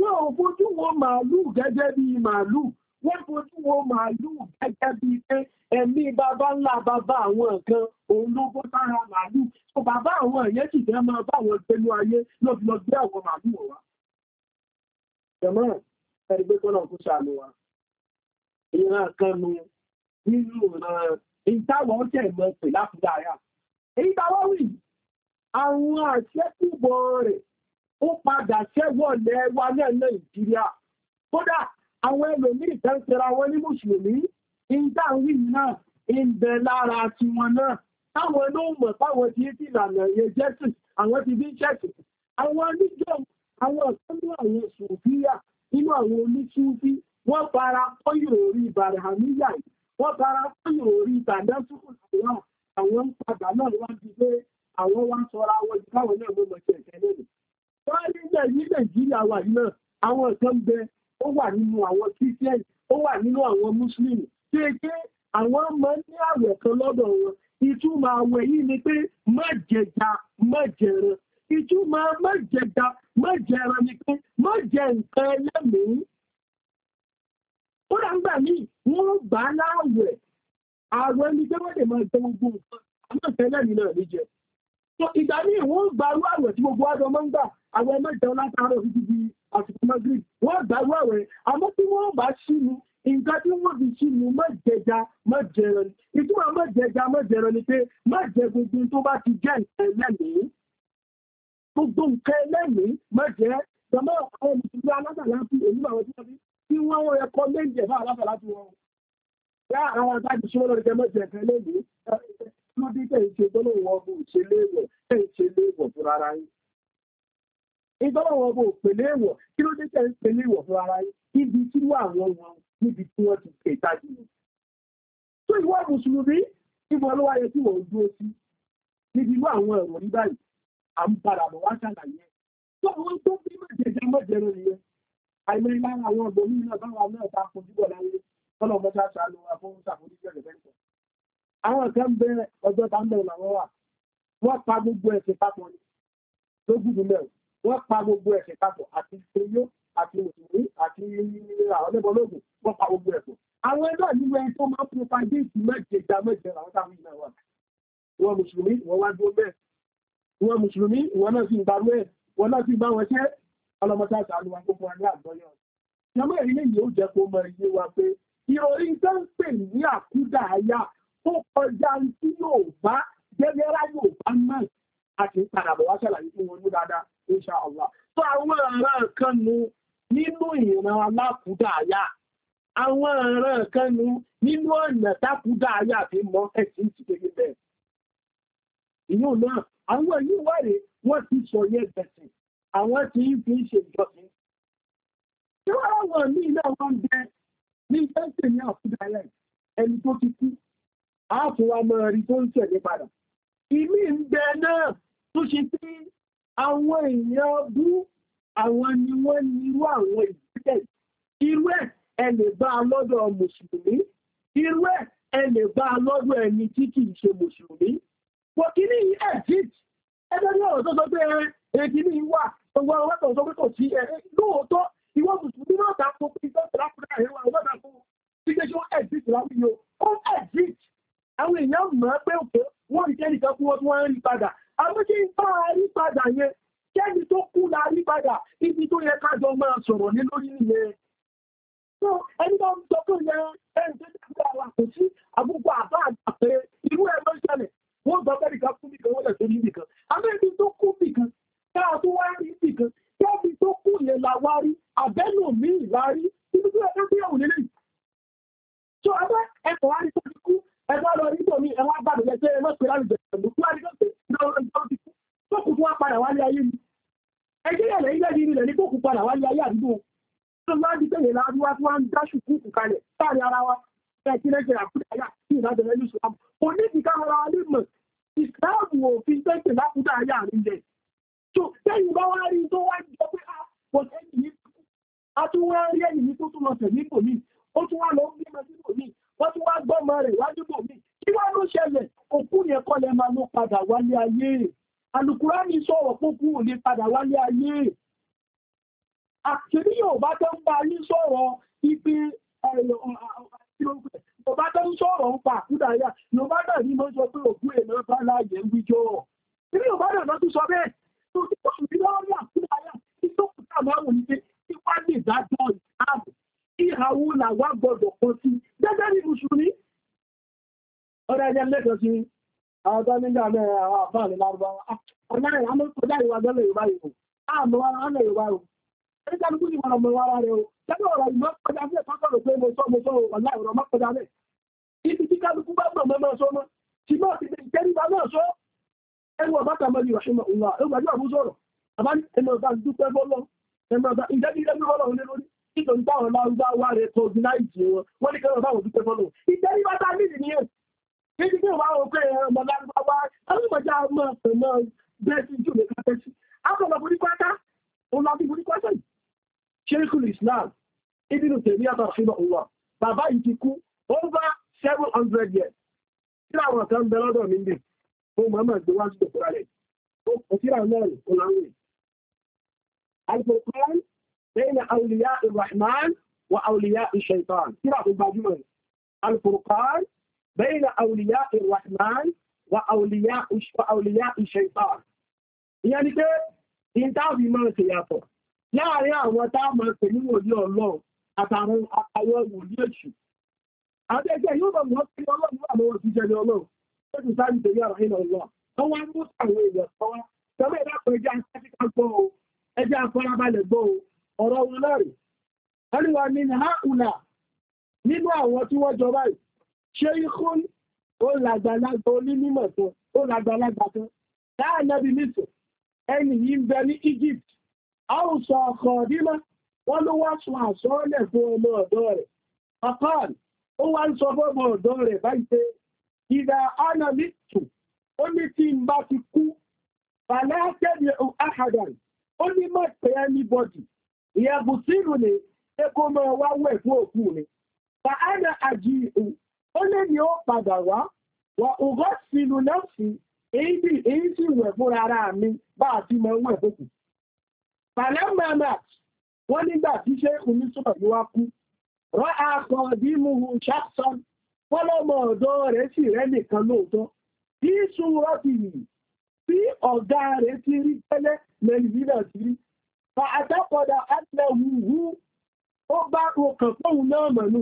wọn ò fojú wọn màálù gẹ́gẹ́ bíi màálù wọ́n fojú wo màálù gẹ́gẹ́ bíi pé ẹ̀mí bàbá ńlá bàbá àwọn kan òun ló bó sára màálù tó bàbá àwọn èèyàn sì fẹ́ máa bá àwọn gbénú ayé lọ́bi lọ gbé àwọn màálù wọn wá. jẹ̀mọ́ ẹni pé kọ́nà kó ṣàánú wa ìran kan nu nínú ìran ìtawọ̀ ọ̀tẹ̀ mọ̀ pè láfúdáyà èyí táwọn wì àwọn àṣẹ́kùbọ̀ rẹ̀ ó padà ṣẹ́wọ̀lẹ̀ wa náà Nàìjíríà kódà àwọn ẹlòmíì tẹ́ ń tẹra wọn ní mùsùlùmí ìjà ń wí náà ń bẹ lára tiwọn náà táwọn ló mọ̀ táwọn ti ti ìlànà yẹn jẹ́sì àwọn ti bí jẹ́sì àwọn oníjọ́ àwọn ọ̀sán ní àwọn sùfíà nínú àwọn oníṣúfí wọ́n fara kọ́yìn orí barahamiya yìí wọ́n fara kọ́yìn orí tàdáfún àwọn àwọn padà náà wọ́n ti gbé àwọn wá ń sọra wọn ju káwọn náà mọ̀ mọ̀ sí ẹ̀kẹ́ lẹ́nu. wọ́n á ní ilẹ̀ ní nàìjíríà wà náà àwọn kan bẹ ó wà nínú àwọn christian ó wà nínú àwọn muslim ṣe àwọn máa ní àwẹ̀ kan lọ́dọ̀ wọn ìtumọ̀ àwẹ̀ yìí ni pé má jẹja má jẹran ìtumọ̀ má jẹja má jẹran ni pé má jẹ nǹkan ẹlẹ́mìí ó rà ń gbà mí gbà àwọn ẹni pé wọ́n lè máa jẹ gbogbo nǹkan náà ní jẹ ìgbà míì wọ́n gbà á àsìkò magrib wọ́n gbàrú àwẹ̀ àmọ́ tí wọ́n bá ṣínú nǹkan tí wọ́n fi ṣínú má jẹja má jẹran ni ìtumọ̀ má jẹja má jẹran ni pé má jẹ gbogbo tó bá ti jẹ́ nǹkan ẹlẹ́mìí gbogbo nǹkan ẹlẹ́mìí má jẹ́ gbọmọ àwọn mùsùlùmí alásàlá fi èyí àwọn tí wọ́n fi tí wọ́n wọ́n ẹ̀kọ́ méjì ẹ̀fọ́ alásàlá fi wọn. yá àwọn àtàkì ṣé wọ́n lọ jẹ mọ́jẹ ẹ̀kan lẹ́yìn lódì ìgbọ́lọ́wọ́ ọmọ òpèlé èèwọ̀ kí ló dé tẹ̀ ń pèlé èèwọ̀ fún ara yín níbi tí wọ́n àwọn wọn níbi tí wọ́n ti pè tájú lọ. tó ìwọ mùsùlùmí ìmọ̀ ló wáyé tí wọ́n ń dúró sí níbi irú àwọn ẹ̀rọ ní báyìí à ń padà bọ̀ wá ṣàlàyé tó àwọn tó bí mọ̀jẹ̀jẹ̀ mọ̀jẹ̀rẹ̀ nìyẹn àìmọ̀ ilá àwọn ọ̀gbọ̀n mi náà báwa náà bá fojú bọ̀ láyé tọ́lọ̀ wọ́n pa gbogbo ẹ̀sìn papọ̀ àti ìṣẹ́yó àti mùsùlùmí àti àwọn ẹlẹ́bọn lóògùn wọ́n pa gbogbo ẹ̀sìn. àwọn ẹgbẹ́ nínú ẹni tó máa ń propagate mẹ́jẹ̀dá mẹ́jẹ̀ àwọn táwọn ìlànà wà. wọn mùsùlùmí wọn wá dúró bẹ́ẹ̀ wọn mùsùlùmí wọn náà sì ń ẹ̀ wọn náà sì bá wọn ṣẹ́ ọlọmọta àtàlùwà gbogbo wa ní àgbọ̀yọ̀. ìjọba ìrìlẹ̀ yìí ó jẹ́ kó mọ iye wa pé ìròyìn tó ń pè ní àkúdà àyà tó kọjá tí yóò bá gẹ́gẹ́ rá yóò bá náà àti ìpadàbọ̀ wá ṣàlàyé fún wọn ní dáadáa insha Allah tó àwọn ìran kan nu nínú ìran alákùúdàáyà àwọn ìran kan nu nínú ọ̀nà tákùúdàáyà fi mọ ẹ̀sìn ti gbé bẹ́ẹ̀ ìyóò náà àwọn yìí wáyé wọ́n ti sọ yẹ bẹ̀sìn àwọn tí ń fi ṣe ìjọsìn tí wọ́n wọ̀ ní ilé wọn bẹ ní ìfẹ́sẹ̀ ìmí ń bẹ náà tó ṣe sí àwọn èèyàn bú àwọn ni wọ́n ní irú àwọn ìbílẹ̀ irú ẹ̀ ẹ lè bá a lọ́dọ̀ mùsùlùmí irú ẹ̀ ẹ lè bá a lọ́dọ̀ ẹni tí kì í ṣe mùsùlùmí pọ̀kíní egypt ẹgbẹ́ ní ọ̀rọ̀ tó sọ pé ẹ̀kíní wà ọgbọ́n ọwọ́ tó sọ pé kò sí ẹ̀ lóòótọ́ ìwọ mùsùlùmí náà ta kó pé ìjọba lápúdà ẹ̀rọ àwọn ọ̀dà fún tí kí ṣe wọ́n egypt láwùjọ ó egypt àwọn èèyàn mọ̀ pé òkè wọ́n rí kẹ́nìkan kú wọ́n tún wọ́n rí padà àmójé ipá àrípadà yẹn kẹ́ni tó kú la àrípadà ibi tó yẹ kájọ máa sọ̀rọ̀ ní lórí nìyẹn so ẹni bá ń sọ pé yẹn ẹni tó ti gbé àwọn àkòtí àbúkọ àbá àgbàpẹ irú ẹ ló ń ṣẹlẹ̀ wọ́n gbọ́ bẹ́ẹ̀ nìkan kú nìkan wọ́n lẹ̀ tó ní nìkan àmọ́ ibi tó kú nìkan káà tó wá rí nìkan kẹ́ni tó kú yẹn la wá rí àbẹ́lòmíì la rí padà wáyé ayé àdúgbò tó bá di tẹ̀lé láàrúwá tí wọ́n ń dá ṣùkúùkù kalẹ̀ sáàrin ara wa ẹ̀ tí sí ìdájọ́ ẹlú ìsìlámù kò ní ìdíkà ara wa lè mọ̀ ìsìlámù òfin tẹ̀sẹ̀ lákúdàáyà rí jẹ tó tẹ́yìn bá wá rí tó wá jọ pé a ah, kò tẹ́yìn ní a tún wá rí ẹ̀yìn ní tó tún lọ tẹ̀lé kò ní ó tún wá lọ ń bímọ sí kò ní wọ́n tún wá gbọ́mọ rẹ̀ wájú kò ní kí wá ló ṣẹlẹ̀ òkú yẹn kọ́ lẹ máa ló padà wálé ayé alukurani sọ̀rọ̀ pókú ò lè padà wálé ayé àkìrí ọba tó ń bá yí sọ̀rọ̀ ibi ọba tó ń sọ̀rọ̀ ń pa àkúdà yá yorùbá náà ní ló sọ pé òkú èèyàn bá láàyè ń wíjọ́ ìrí yorùbá náà ló tún sọ bẹ́ẹ̀ tó ti pọ̀ sí lọ́rùn àkúdà yá tí tó kù tá máa wù ní pé tí wá lè dájọ́ ìsáàbù kí ìhàwó làwa gbọdọ̀ kan sí gẹ́gẹ́ bí mùsùlùmí. ọ̀rẹ́ ẹ̀jẹ̀ lẹ́kọ̀ọ́ sí àwọn tó nígbà mẹ́rin àwọn àbáàlẹ̀ lárúbáwá ọ̀nà ẹ̀ ẹnikẹ́ni ní ìwọ̀n ọmọ ara rẹ̀ o tẹ́lẹ̀ ọ̀rọ̀ ìmọ̀ kọjá sí ẹ̀ka pé mo sọ mo sọ ọ̀la ọ̀rọ̀ mọ́ kọjá lẹ̀ ibi tí kálukú bá gbọ̀ mọ́ sọ mọ́ tí náà ti ìtẹ́ríba náà sọ ẹnu ọba kan mọ́ ní ìwàṣẹ́mọ̀ òun àwọn ẹgbẹ́ àbú sọ̀rọ̀ àbá ẹnu ọba dúpẹ́ bọ́lọ́ ẹnu ọba ìjẹ́bí ìjẹ́bí bọ́lọ́ òun lórí nítorí táwọn láwùjọ wà rẹ̀ tó ju láì jì wọn wọ́n ní kí wọ́n wọn dúpẹ́ bọ́lọ́ ìtẹ́ríba tá nídìí nìyẹn níbi tí wọ́n wọ́n pé ọmọ lárúbáwá alùpàjá mọ̀ pẹ̀lú bẹ́ẹ̀ sí jù lè akọ̀lọ̀ ó lábí mo ní pẹ́sẹ̀ ṣéríkùlù Islam ibinu tèmi àtà ṣílọ òwà bàbá yìí ti kú over seven hundred years tí àwọn kan bẹ lọ́dọ̀ mi nbẹ ó mọ̀ mọ̀ gbé wá sí òkúra rẹ̀ ó kò síra náà ó láwùn Al-Furqan bayna awliya Ar-Rahman wa awliya Ash-Shaytan síra tó gbajúmọ̀ Al-Furqan bayna awliya wa awliya ash ìyẹn ni pé ìtàbí máa ṣe yàtọ̀ láàrin àwọn táàmà pè ní wòlí ọlọ́run àtàwọn àtàwọn wòlí èṣù àtẹ́jẹ́ yóò bọ̀ wọ́n sí ọlọ́run àwọn òṣìṣẹ́ ní ọlọ́run tó ti sáré ìtẹ̀lé àwọn ìlọ ọlọ́run wọ́n wá mú àwọn èèyàn sọ́wọ́ tọ́lá ìdápọ̀ ẹjẹ́ akẹ́kọ̀ọ́ gbọ́ o ẹjẹ́ afọ́lábalẹ̀ gbọ́ o ọ̀rọ̀ wọn lọ́rẹ̀ wọ́n ni wà ní hàkùnà nínú àwọn tí wọ́n jọba yìí ṣe ikún ó làgbàlagbà onímọ̀ tó ó làgbàlagbà tó láàárín ẹbí nìtò ẹni yìí ń bẹ ní Egypt a ó sọ ọkọ̀ dímọ́ wọ́n ló wá sun àsọ́ọ́lẹ̀ fún ọmọ ọ̀dọ́ rẹ̀ papan ó wá ń sọ fọ́mọ ọ̀dọ́ rẹ̀ báyìí pé ìdá ana mítù ó ní tí n bá ti kú bàlá tẹ́lẹ̀ ahadan ó ní má pẹ́ anybody ìyàbù sínú ni pé kó máa wá wẹ̀ fún òkú mi bà á àjì ìhù ó lé ní ó padà wá wà ògọ́ náà sí èyí sì wẹ̀ fún ara mi bá àti mọ̀ wẹ̀ fòkù pàlẹ́mọ̀mọ̀ wọ́n nígbà tí ṣe omi sọ̀rọ̀ ló wá kú rọ́ akọ̀ bí mu hù ṣàkṣọ́n fọ́lọ́mọ ọ̀dọ́ rẹ̀ sì rẹ́ nìkan lóòótọ́ bí sùnwọ́ ti yìí bí ọ̀gá rẹ̀ ti rí tẹ́lẹ̀ lẹ́yìn náà ti rí fa àtẹ́kọ̀dà àtẹ̀wùwù ó bá okàn fóun náà mọ̀ nù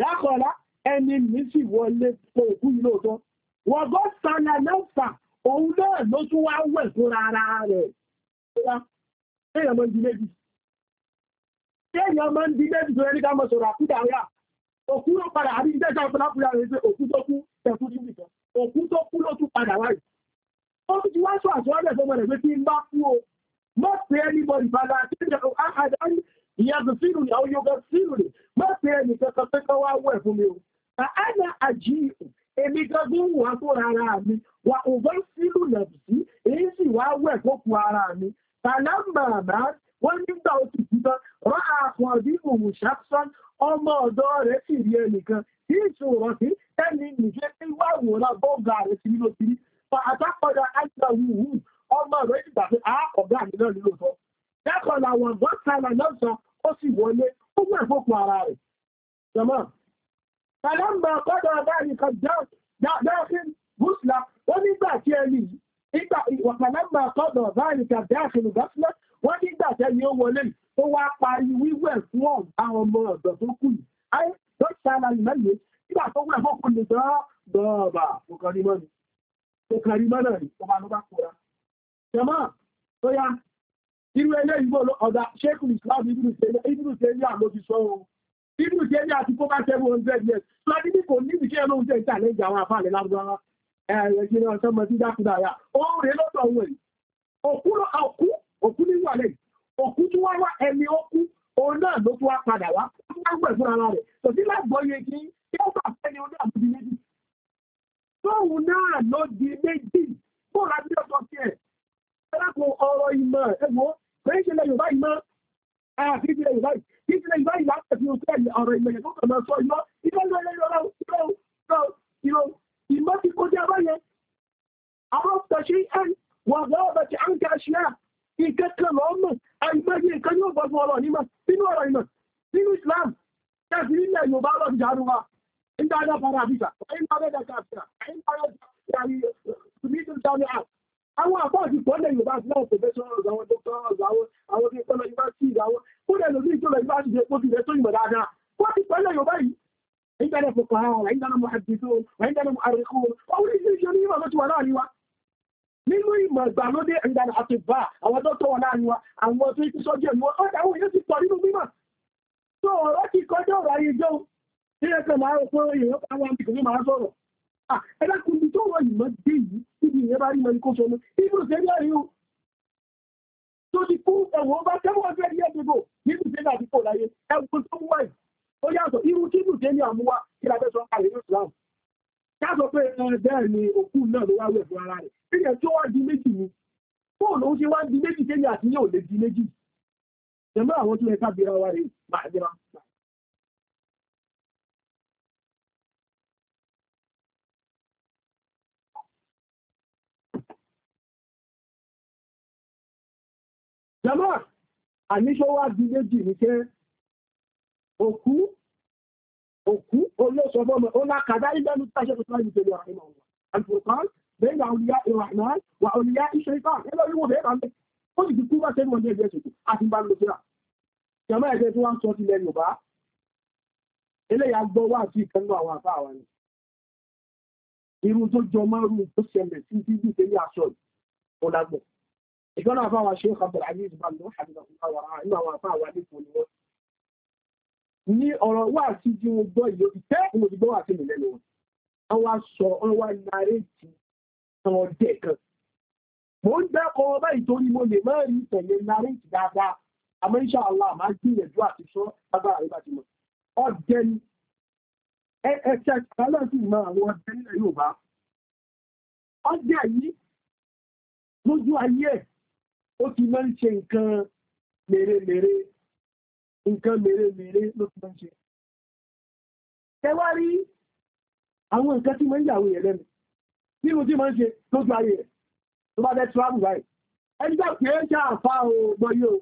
dákọ̀ọ́lá ẹni mi sì wọlé òkú yìí lóòótọ́ wọ̀gọ́ sàlà lẹ́fà òun náà ló tún wá wẹ̀ fúnra ara rẹ̀ èèyàn máa ń di méjì èèyàn máa ń di méjì tó ẹni ká mọ̀ sọ̀rọ̀ àkúdà rà òkú ló padà àbí jẹ́jọ́ ọ̀pọ̀lọpọ̀ rẹ̀ pé òkú tó kú tẹ̀kú sí nìkan òkú tó kú ló tún padà wáyé ó ti wá sọ àṣọwọ́dẹ̀ tó mọ̀lẹ̀ pé tí ń bá kú o mọ̀ ah, pé anybody padà tí ìyàgò sínú ìyàwó yóò gọ sínú rẹ̀ mọ̀ pé ẹnì kankan pé kọ́ wá wẹ̀ fún mi o àánà àjíìkù èmi gbogbo ń wọ́n fún ara mi wà ògbó sílù lẹ̀bùsí èyí sì wá wẹ̀ fókù ara mi tàlámàmá wọ́n nígbà oṣù títọ́ rọ́ àpọ̀ bí òun ṣàkṣọ́n ọmọ ọ̀dọ́ rẹ̀ sì rí ẹnìkan tí ìṣòro sí tẹ́lẹ̀ nìjẹ́ tí wà wòrán bọ́ọ̀gà rẹ̀ sí nínú kiri fa àtàkọ́dà àgbà wùwù ọmọ rẹ̀ sì gbàgbé a ọ̀gá mi náà nílò tọ́ lẹ́kọ̀ọ́ làwọn gbọ́n tààlà náà sọ ó sì wọlé ó wẹ̀ fókù ara rẹ̀ Fàlámbà kọ́dọ̀ báyìí kan dáàfin gúúsùlá, wọ́n nígbà tí ẹni ìgbà ìwọ̀fàlámbà kọ́dọ̀ báyìí kan dáàfin gúúsùlá, wọ́n nígbà tí ẹni ó wọlé tó wá parí wíwẹ̀ fún àwọn ọmọ ọ̀dọ̀ tó kù. Ayé tó ṣàlà ìmẹ́lẹ̀ nígbà tó wẹ̀ fọ́kùn lè dọ́ dọ́ọ̀bà òkàrímọ́nà rí ọba ló bá kóra. Jẹ́mọ́ tó yá, irú ẹlẹ́ ìgbò ọ̀dà ṣékùn ìsìláàbù ìbùrù tẹ́lẹ̀ àlóbi sọ́run nínú ìjẹ́ ní àti kó bá seven hundred years láti ní kò níbi kí ẹ lóun jẹ́ ìtàlẹ́ ìjà àwọn àfáàlẹ́ lárúbáwá ẹ̀rẹ̀ kí ni ọ̀sán mọ̀tí dákúdáyà ó rè lọ́dọ̀ òun ẹ̀ òkú òkú òkú ní wà lẹ́yìn òkú tí wọ́n wá ẹni ó kú òun náà ló tún wá padà wá ó bá gbẹ̀ fúnra rẹ̀ kò sí lágbọ́yé kí kí ó bá fẹ́ ni oní àbúdí méjì tóun náà ló di méjì kó rábí ọ̀tọ̀ tiẹ̀ ẹ̀rọ ọ̀rọ̀ ìmọ̀ ẹ̀wọ̀ kò ń ṣe lẹ́yìn báyìí mọ́ àfi ti lẹ́yìn báyìí Níbi lè báyìí láti fi oṣù ẹ̀yìn ọ̀rọ̀ ìmọ̀lẹ̀ tó kàn máa sọ ìmọ̀ ìmọ̀ ìmọ̀ ìmọ̀ ìmọ̀ ìmọ̀ ìmọ̀ ìmọ̀ ti kọjá báyẹn. Àwọn ọ̀pọ̀ṣí ẹ̀ń wà lọ́ọ̀bẹ̀ ti à ń ga ṣíà. Nǹkan kan lọ́ mọ̀ àìmọye nǹkan yóò bọ́ fún ọ̀rọ̀ nímọ̀ nínú ọ̀rọ̀ ìmọ̀ nínú Islam kẹ́sì nílẹ̀ Yorùbá lọ ti dàrú wa. Ń dáadáa fara àbíjà, ẹ̀yìn bá bẹ́ẹ̀ dàkà àbíjà, ẹ̀yìn bá yọ àwọn àbáàdì kan lè yorùbá sí láwọn professionals àwọn doctors àwọn àwọn tí ìpínlẹ̀ university àwọn kódà lórí ìjọba university ṣe kó tilẹ̀ tó ìmọ̀ dáadáa wọ́n ti pẹ̀lẹ̀ yorùbá yìí ìdáná fòkàn àwọn ìdáná mọ̀hàdìdó ìdáná àríkó ọ̀hún ilé iṣẹ́ ní ìmọ̀ lọ́tí wà láàrin wa nínú ìmọ̀ ìgbàlódé ìdáná àtìbá àwọn dọ́tọ̀ wà láàrin wa àwọn tó ti sọ́jọ́ ìwọ̀n ọ̀dà àwọn èèyàn ti pọ̀ nínú mímọ̀ tó ọ̀rọ̀ ti kọjá ọ̀rọ̀ ayé jẹun tí ẹ̀kọ́ máa ń pọ́n ìrọ́pàá wọn kìí máa sọ̀rọ̀ ẹ̀dákùnrin tó wọ ìmọ̀ dé yìí níbi ìyẹn bá rí mọ̀ ní kó sọmọ ibùdó sẹ́rí àrí o tó ti kú ẹ̀wọ̀n bá tẹ́wọ̀n fẹ́ rí ẹ̀dẹ́gbò níbi sẹ́rí àti kò láyé ẹ̀wọ̀n tó mú wáyé ó yàtọ̀ irú kí ibùdó sẹ́rí àmúwá kí la fẹ́ sọ kalẹ̀ ní Islam yàtọ̀ pé bẹ́ẹ̀ ni òkú náà ló wá wẹ̀ fún ara rẹ̀ kí ni ẹjọ́ wá di méjì ni fóònù ó ṣe wá di méjì sẹ́rí àti yóò lè di méjì jẹ̀mọ́ àwọn tó yẹ ká bira wa rè máa jẹra máa jama àníṣọ́ wá di méjì ní pé òkú òkú olóṣọ́bọ́mọ̀ ó lákàdá ìlẹ́nu tàṣẹ́ tó tàbí ìtẹ̀lẹ̀ àìmọ̀ wọn alfurqan bẹ́ẹ̀ àwọn olùyá ìrànlọ́wọ́ wà olùyá iṣẹ́ ìfà ẹgbẹ́ olúwọ̀ bẹ́ẹ̀ bá ń bẹ́ ó sì ti kú bá sẹ́nu ọdún ẹgbẹ́ ṣòkò àti bá eléyà gbọ́ wà sí ìkànnú àwọn àbá wa ni irú tó jọ márùn-ún tó ṣẹlẹ̀ sí ibi ìgbésẹ̀ ní aṣọ ìgbọ́nà àfáwà ṣe ọkàbọ̀ àyíjìbá ló ní ọ̀rọ̀ wà sí jí wọn gbọ́ ìlú ìfẹ́ olùdígbọ́ wà sí mi lẹ́nu wọn wọn wá sọ wọn wá nàréètì àwọn ọdẹ kan mò ń dákọ ọba ìtorí mo lè má rí tẹ̀lé nàréètì dáadáa àmọ́ insha Allah máa gbìyànjú àti sọ agbára rẹ bá ti ni ẹ ẹ sí mọ àwọn ọdẹ nílẹ̀ Yorùbá ọdẹ yìí lójú ayé ẹ̀ ó ti máa ń ṣe nǹkan mèremère nǹkan mèremère ló ti máa ń ṣe tẹwàá rí àwọn nǹkan tí máa ń yàwó yẹ̀ lẹ́nu nínú tí máa ń ṣe lójú ayé rẹ̀ tó bá fẹ́ travel báyìí ẹgbẹ́ kìí ṣe àfá ògbọ́ yóò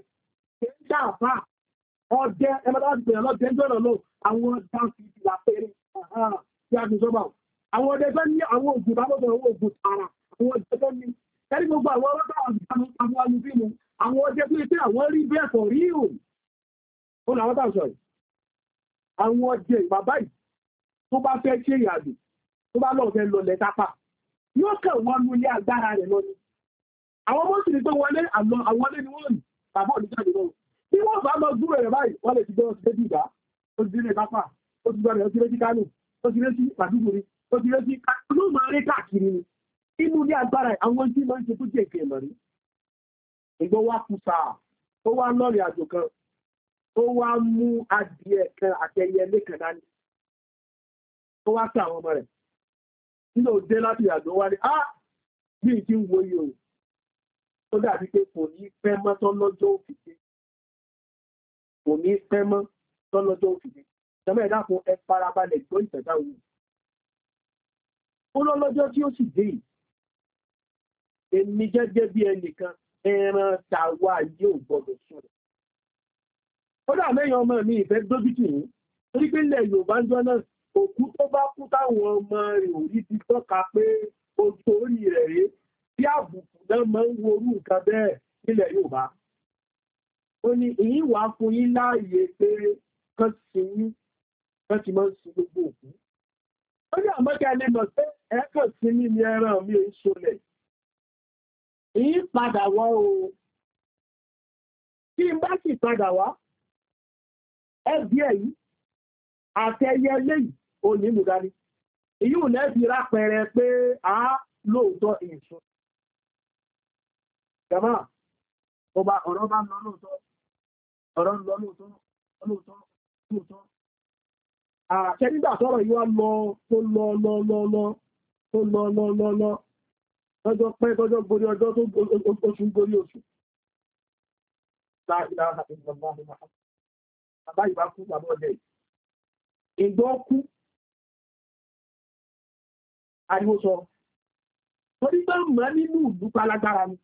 kìí ṣe àfá ọdẹ ẹgbẹ́ta láti pèèyàn lọ́dẹ jọ́nà lọ àwọn ọdá fi ti lápẹ́rẹ́ tí a fi sọ́bà àwọn ọdẹ tó ní àwọn ògùn bá lọ́dọ̀ àwọn ògùn tààrà àwọn ọdẹ tó ní ẹni gbogbo àwọn ọlọ́dọ̀ àwọn alùbínú àwọn ọjẹ́ pé pé àwọn rí bẹ́ẹ̀ kọ̀ rí ò ó làwọn tàbí sọ̀rọ̀ àwọn ọjẹ́ bàbá yìí tó bá fẹ́ ṣe ìyàdù tó bá lọ́ọ̀ fẹ́ lọ lẹ́tàpá yóò kàn wọ́n nu ilé agbára rẹ̀ lọ ni àwọn ọmọ sì ní pé àwọn lé wọ́n rì bàbá òní jáde lọ́wọ́ tí wọ́n bá lọ dúró rẹ̀ báyìí wọ́n lè ti gbé ọ̀sẹ̀ dìgbà ó ti dé pápá ó ti gbọ́ rẹ̀ ó ó ti rẹ́ sí Pàdúgbò ó ti rẹ́ sí Kánò ló káàkiri ni inú ní agbára àwọn tí lọ ń ṣe tó jẹ́ ìkẹ́ ìmọ̀ rí ìgbọ́ wá kú sáà ó wá lọ́rìn àjò kan ó wá mú adìẹ kan àtẹyẹ lẹ́kàn dání ó wá sí àwọn ọmọ rẹ̀ nínú òde láti àjò wá ní ah bí i ti ń wo iye o ó dàbí pé kò ní pẹ́ mọ́ tọ́lọ́jọ́ òfìdí kò ní pẹ́ mọ́ tọ́lọ́jọ́ òfìdí ìjọba ẹ̀dá fún ẹ farabalẹ̀ gbọ́ ìtẹ̀dá òun ó lọ́lọ́jọ́ tí ó sì dé yìí èmi gẹ́gẹ́ bí ẹnìkan ẹran tàwa yóò gbọdọ̀ sùn rẹ̀. kódà mẹ́yàn ọmọ mi ìfẹ́ dójútì yìí torí pé ilẹ̀ yorùbá ń jọ́nà òkú tó bá kú táwọn ọmọ rẹ̀ ò rí ti tọ́ka pé ojú orí rẹ̀ rèé bí àbùkù náà máa ń worú nǹkan bẹ́ẹ̀ nílẹ̀ yorùbá. ó ní ìyín wàá fún yín láàyè pé kán ti yín kán ti máa ń sin gbogbo òkú. ó ní àmọ́kẹ́ alẹ́ mọ̀ pé ẹ̀ẹ́kàn sí ní ẹran mi ò ń ṣolẹ̀ yìí èyí padà wá o tí n bá sì padà wá ẹbí ẹ yìí àtẹyẹ eléyìí ò ní lù dání èyí ò lẹ́bi rápẹrẹ pé a lóòótọ́ èso jama ọba ọ̀rọ̀ bá ń lọ lóòótọ́ ọ̀rọ̀ ń lọ lóòótọ́ lóòótọ́ lóòótọ́ àtẹnígbà sọ̀rọ̀ yìí wá lọ tó lọ lọ lọ lọ tó lọ lọ lọ lọ tọ́jọ́ pẹ́ tọ́jọ́ gorí ọjọ́ tó oṣù gorí oṣù bàbá ìbá kú bàbá ọdẹ ìgbọ́ kú ariwo sọ torí bá mọ́ nínú ìlú palágbára ni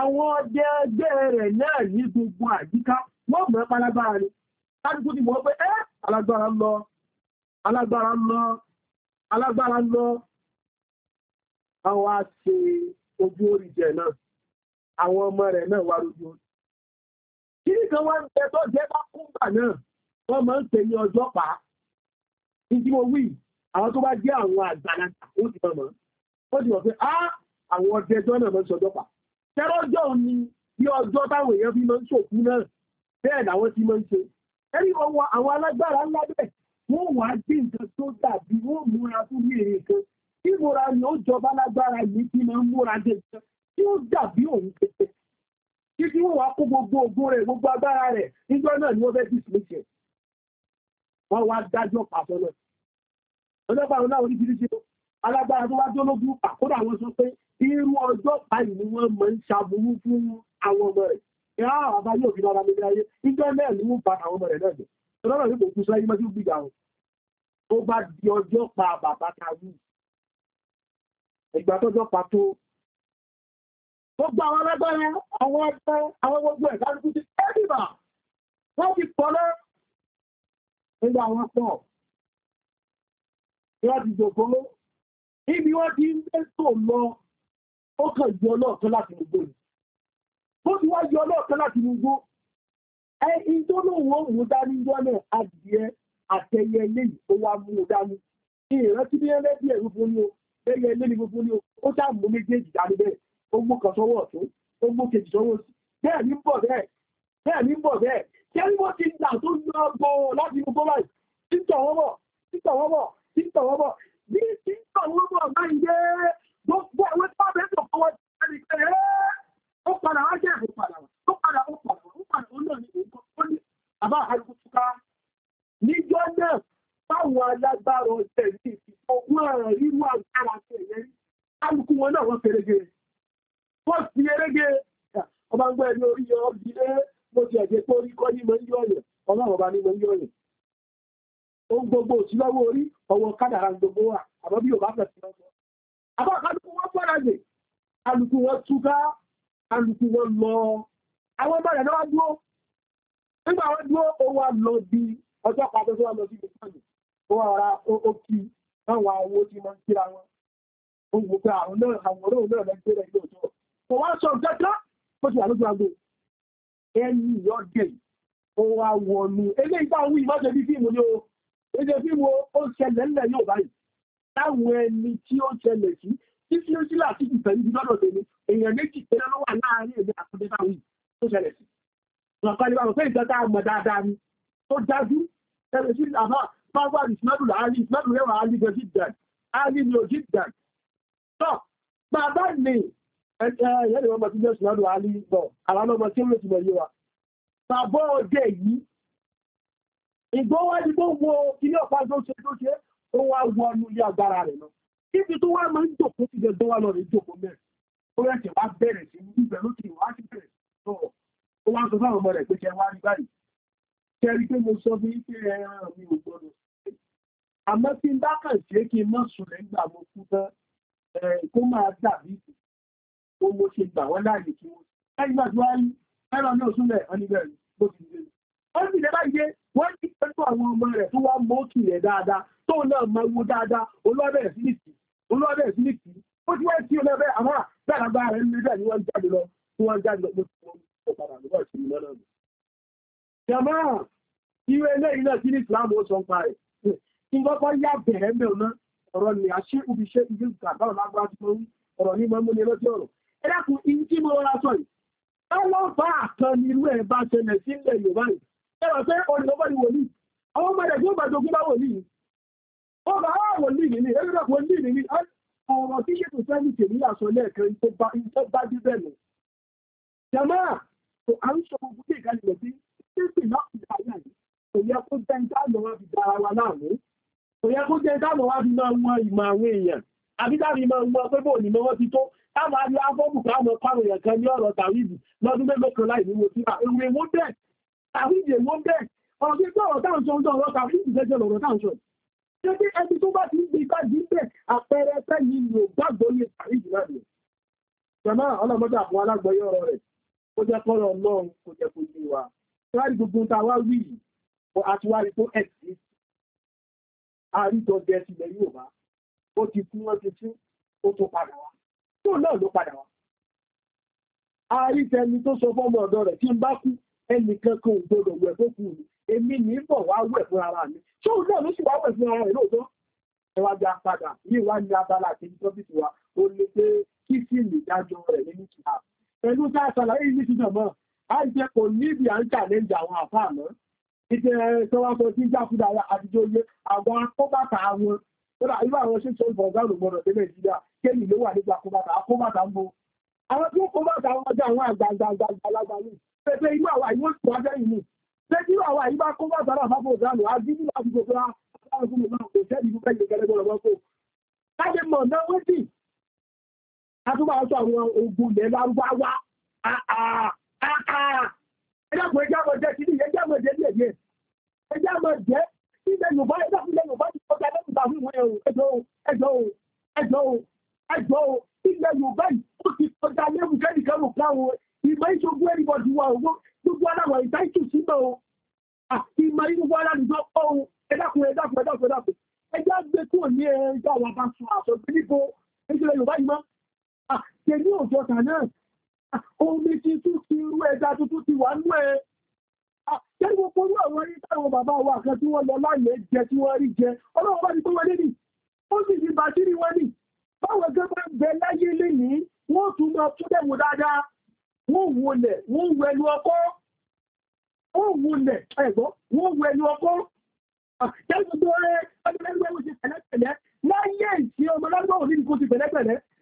àwọn ọdẹ ẹgbẹ́ rẹ̀ náà ní gbogbo àyíká wọ́n mọ́ palágbára ni tájúkú ti mọ̀ pé ẹ́ alágbára lọ alágbára lọ alágbára lọ àwọn á ṣe ojú orí jẹ náà àwọn ọmọ rẹ̀ náà wá rojú orí kí ni kan wá ń jẹ tó jẹ bá kún gbà náà wọ́n máa ń pè ní ọjọ́ pa ní tí mo wí àwọn tó bá jẹ́ àwọn àgbàlagbà ó ti mọ̀ ó ti mọ̀ pé á àwọn ọdẹ ẹjọ́ náà máa ń sọjọ́ pa tẹ́rọ́jọ́ ni bí ọjọ́ táwọn èèyàn fi máa ń ṣòkú náà bẹ́ẹ̀ làwọn ti máa ń ṣe ẹni ọwọ́ àwọn alágbára ńlá bẹ́ẹ̀ wọ́n wàá dín nǹkan tó dàbí wọ́n múra fún bí ìmúra ni ó jọba lágbára yìí tí máa ń múra gẹ́gẹ́ tí ó dàbí òun pépé títí wọ́n wá kó gbogbo ogun rẹ̀ gbogbo agbára rẹ̀ nígbà náà ni wọ́n fẹ́ dismiss ẹ̀ wọ́n wá dájọ́ pàṣọ náà ọjọ́ pa àwọn láwọn oríṣiríṣi alágbára tó wá dólógún àkódà àwọn sọ pé irú ọjọ́ báyìí ni wọ́n máa ń ṣàbùrú fún àwọn ọmọ rẹ̀ ìhà àbá yóò fi lára lórí ayé nígbà náà ni wọ́n pa àwọn ọmọ rẹ̀ náà jẹ́ ọlọ́run yóò kò kú sáyé mọ́tò gbígbà wọn ó bá di ọjọ́ pa bàbá kàwé ìgbà tó jọ pàtó gbogbo àwọn alágbára àwọn ẹgbẹ́ àwọn gbogbo ẹ̀dá ló ti ẹ́dìbà wọ́n ti pọ̀lẹ́ nígbà wọn pọ̀ wọ́n ti jòkó ibi wọ́n ti ń tẹ́sọ̀ lọ ó kàn yọ lọ́ọ̀kan láti gbogbo ni ó ti wá yọ lọ́ọ̀kan láti gbogbo ẹ̀yìn tó lóun ó mú dání jọ́nà adìẹ àtẹyẹ lẹ́yìn ó wá mú dání ìrántí bí ẹlẹ́bí ẹ̀rú fún ní o e ilé ní gbogbo méjèèjì bẹ́ẹ̀ mú kan sọ́wọ́ ọ̀tún mú kejì sọ́wọ́ sí bẹ́ẹ̀ bọ̀ bẹ́ẹ̀ bẹ́ẹ̀ bọ̀ bẹ́ẹ̀ wọ́n ti gbà tó láti gbogbo báyìí títọ̀ wọ́n títọ̀ wọ́n títọ̀ wọ́n bí títọ̀ wọ́n báyìí dé gbogbo ẹ̀wé tó bẹ́ẹ̀ tó ó padà báwọn alágbára ọ̀tẹ̀ ní ìfìfọ́ wọ́n rírú agbára sí ẹ̀yẹ rí kálukú wọn náà wọ́n fẹ́rẹ́gẹ wọ́n ti erégé ọba ń gbọ́ ẹni orí yọ ọ́bí lé mo ti ẹ̀jẹ̀ pé orí kọ́ ní mọ̀ ń ọ̀yẹ̀ ọlọ́run ọba ní mọ̀ ń ọ̀yẹ̀ ohun gbogbo òsínlọ́wọ́ orí ọwọ́ kádàrà gbogbo wà àmọ́ bí yorùbá fẹ̀sí lọ́wọ́ àbá kálukú wọn fọ́ra jẹ kálukú wọn túká kálukú wọn lọ àwọn ọmọ rẹ̀ náà wá dúró nígbà wọn dúró ó wá bí ọjọ́ pàtó tó wá lọ bí mo fọ́nù ó ara ó kí táwọn awó tí wọ́n kíra wọn ó wò pé àrùn náà àwọn ọ̀rọ̀ náà lẹ́gbẹ́ rẹ̀ yóò tọ́ kò wá sọ gẹ́gẹ́ bó ti wà lójú agbo ẹni ìyọ́dẹ̀ ó wá wọnú eléyìí táwọn wí ìmọ̀ṣẹ́ bí fíìmù ni o èdè fíìmù ó ṣẹlẹ̀ ńlẹ̀ yóò báyìí táwọn ẹni tí ó ṣẹlẹ̀ sí títí ó sílà sí ìtẹ̀lé ibi lọ́dọ̀ tèmi èèyàn méjì péré ló wà láàárín èmi àkọ́dé táwọn yìí tó ṣẹlẹ̀ sí. ọ̀kan ni wọn pé ìtọ́ta àmọ̀ dáadáa ni tó dájú ẹ̀rẹ̀ sí àbá So, إسناد العالي إسناد اليوم عالي know my جدا طب بعدين yẹ́nì wọ́n bá tí jésù lọ́dún alí bọ̀ àwọn ọmọ tí ó rẹ̀ tìmọ̀ yíwa bàbọ́ ọdẹ yìí ìgbówájú tó wo ilé ọ̀pá tó ṣe tó ṣe ó wá wọ ọnu ilé agbára rẹ̀ lọ kíbi tó wá máa ń jòkó sí jẹ́ dọ́wà lọ rẹ̀ jòkó mẹ́rin ó rẹ̀ tẹ̀ wá bẹ̀rẹ̀ sí ní ibẹ̀ ló ti wá sí bẹ̀rẹ̀ sọ̀rọ̀ ó wá sọ fáwọn ọmọ rẹ̀ pé kẹ rí báyìí kẹrí pé mo sọ fún yín ẹran mi ò gbọdọ̀ àmọ́ tí ń bá kàn ṣe kí n mọ́ sùn lẹ́gbà mo kú tán kó máa dàbí ó mo ṣe gbà wọ́n láàyè kí wọ́n lẹ́yìn náà tí wọ́n rí ẹ̀rọ náà súnlẹ̀ wọ́n níbẹ̀ rí bó ti dé wọ́n sì lẹ́bàá yé wọ́n ti pẹ̀lú àwọn ọmọ rẹ̀ tó wá mọ́ọ̀kì rẹ̀ dáadáa tó náà máa wo dáadáa olóòbẹ̀ sílìkì olóòbẹ̀ sílìkì ó ti wáyé tí olóòbẹ̀ àmọ́ gbàgbà rẹ̀ ń náà sí ní ìsìlámù ó sọ ń pa rẹ̀ tí gbọ́gbọ́ yá bẹ̀rẹ̀ mẹ́rin náà ọ̀rọ̀ ni àṣẹ ibiṣẹ́ ibi gbàgbọ́ lágbára tí mo ń ọ̀rọ̀ ní mọ́ múni lọ́jọ́ ọ̀rọ̀ ẹ dákun ibi tí mo rọra sọ yìí ọlọ́ba àkan irú ẹ̀ bá ṣẹlẹ̀ sí ilẹ̀ Yorùbá yìí ẹ pé olùdókòwò ni wòlíì àwọn ọmọdé tí ó bá jogún bá wòlíì ó bá wà wòlíì nìyí ẹ wòlíì nìyí ọ̀rọ̀ tí ṣètò sẹ́ni kò yẹ kó jẹ́ táàmù wá fi máa wọn ìmọ̀ àwọn èèyàn àbí táàmù ìmọ̀ wọn pé bò ní mọ́wọ́ ti tó táàmù àbí afọ́bù káàmù pàrọ̀ yẹn kan ní ọ̀rọ̀ tàwíìdì lọ́dún mẹ́lọ́kànlá ìníwò tí wà ewé wó bẹ́ẹ̀ tàwíìdì èwo bẹ́ẹ̀ ọ̀rọ̀ tí pé ọ̀rọ̀ táwọn sọ ọ̀rọ̀ tàwíìdì gẹ́gẹ́ lọ̀rọ̀ táwọn sọ ṣé bí ẹni tó bá ti ń gbé igbá yìí bẹ́ẹ̀ àpẹẹrẹ ẹgbẹ́ yìí ló gbàgbọ́ ní tàwíìdì náà nìyẹn jọmọ́ ọlọ́mọdé àwọn alágbọ̀yé ọ̀rọ̀ rẹ̀ ó jẹ́ kọ́rọ̀ ọlọ́run kò jẹ́ kó yé wa láti gbogbo ta wá wí àti wá rí tó exist àríjọjẹ tilẹ̀ Yorùbá ó ti kú wọ́n ti tú ó tó padà wá tó náà ló padà wá àríjẹni tó sọ fọ́mọ ọ̀dọ̀ rẹ̀ tí ń bá kú ẹnìkan kan ò gbọdọ̀ wẹ̀ tó kù mí èmi ní bọ̀ wá wẹ̀ fún ara mi tó náà ló sì wá wẹ̀ fún ara rẹ̀ lóòótọ́ ẹwájú apadà yìí wá ní abala àti tọ́pìtì wa ó lè pé kí sí ìdájọ́ rẹ̀ nínú kìlá pẹ̀lú sáà sàlàyé yìí ti dàn mọ́ àìjẹ́ kò níbi à ń challenge àwọn àfáà náà ìjẹ́ tọ́wọ́sọ tí jákúdára àtijọ́ yé àwọn akóbàtà àwọn kódà irú àwọn ṣe tó ń bọ̀ ọ̀gáàrò gbọ́dọ̀ dé nàìjíríà kéyìn ló wà nípa akóbàtà akóbàtà ń bo àwọn tí ó kóbàtà wọn jẹ́ àwọn àgbàgbàgbàlagbà ní pẹ̀pẹ̀ irú àwọn àyíwọ̀n tó wájẹ́ yìí ni pé kí àwọn àyíbá kóbàtà náà fáfọ́ ìdánù àdínú láti gbogbo ẹjọ́kùn ẹjọ́mọ̀ jẹ́ kìí ẹjọ́mọ̀ jẹ́ díẹ̀ díẹ̀ ẹjọ́mọ̀ jẹ́ ilẹ̀ yorùbá ẹjọ́kùnlẹ̀ yorùbá ti kọjá lẹ́nu bá fún ìwọ̀n ẹjọ́ o ẹjọ́ o ẹjọ́ o ẹjọ́ o ilẹ̀ yorùbá yìí ó ti kọjá lẹ́nu kẹ́nìkan ló pa o ìmọ̀ ìṣogún ẹnìbọ̀dì wa owó gbogbo aláwọ̀ ìta símọ̀ o ìmọ̀ ìgbogbo aláàdúgbò pọ̀ omi tuntun ti irú ẹja tuntun ti wà nú ẹ jẹ́ gbogbo orú àwọn ẹni táwọn bàbá wa kan tí wọ́n lọ láìlẹ̀ jẹ tí wọ́n rí jẹ ọlọ́run bá ti tó wọlé nì ó sì ti bàtí rí wọ́n nì báwọn ẹgbẹ́ bá ń bẹ láyé lénìí wọ́n tún lọ tún dẹ̀wò dáadáa wọ́n wọlẹ̀ wọ́n wẹ̀lú ọkọ́ wọ́n wọlẹ̀ ẹ̀gbọ́n wọ́n wẹ̀lú ọkọ́ jẹ́ gbogbo ọ̀rẹ́ ọdún ẹgbẹ́ wo ti pẹ̀lẹ́pẹ̀lẹ́ láyé ìsìn ọmọ lágbàwọ̀ nínú kó ti pẹ̀lẹ́pẹ̀lẹ́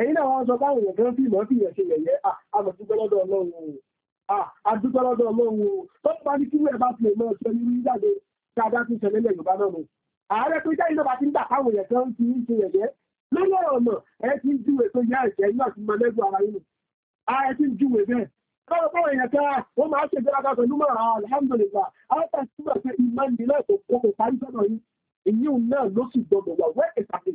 ẹ̀yìn náà wọ́n sọ báwọn èèyàn kan fìmọ́ fi ìyẹ̀ṣe yẹ̀yẹ́ àmọ̀dúgbọ́lọ́dọ̀ ọlọ́run o àdúgbọ́lọ́dọ̀ ọlọ́run o tó bá ní kí wẹ́ẹ̀ bá tilẹ̀ mọ́ ṣe ní jáde dáadáa tún ṣẹlẹ̀ lẹ́yìn bá náà nù. ààrẹ pé jáde náà bá ti ń gbà káwọn èèyàn kan fi ń ṣe yẹ̀yẹ́ lórí ọ̀rọ̀ ọ̀nà ẹ ti ń júwe tó yá ẹ̀jẹ̀ inú àti mọ̀lẹ́gùn ara yín ààrẹ ti ń júwe bẹ́ẹ̀ báwọn báwọn èèyàn kan wọ́n máa ṣe ìgbéraga pẹ̀lú mọ́ alhamdulillah aláta síbẹ̀ pé ìmọ̀ ìdílé kò kò parí sọ́dọ̀ yín ìyíhùn náà ló sì gbọdọ̀ wà wẹ́ẹ̀ ìpàdé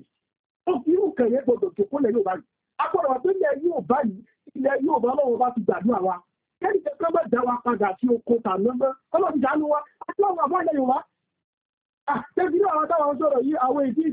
irú kẹ̀yẹ́ gbọdọ̀ jòkó lẹ̀ yóò ba yi agbọ́dọ̀ wà pé ilẹ̀ yóò bá yìí ilẹ̀ yóò bá lọ́wọ́ bá ti gbàdúrà wa kẹ́rì kẹ́kẹ́ bá dá wa padà sí oko tàná mọ́ ọlọ́run dánú wa àti àwọn àbá ilẹ̀ yorùbá tẹ́sí ah, ní àwọn táwọn sọ̀rọ̀ yìí àwọn èdè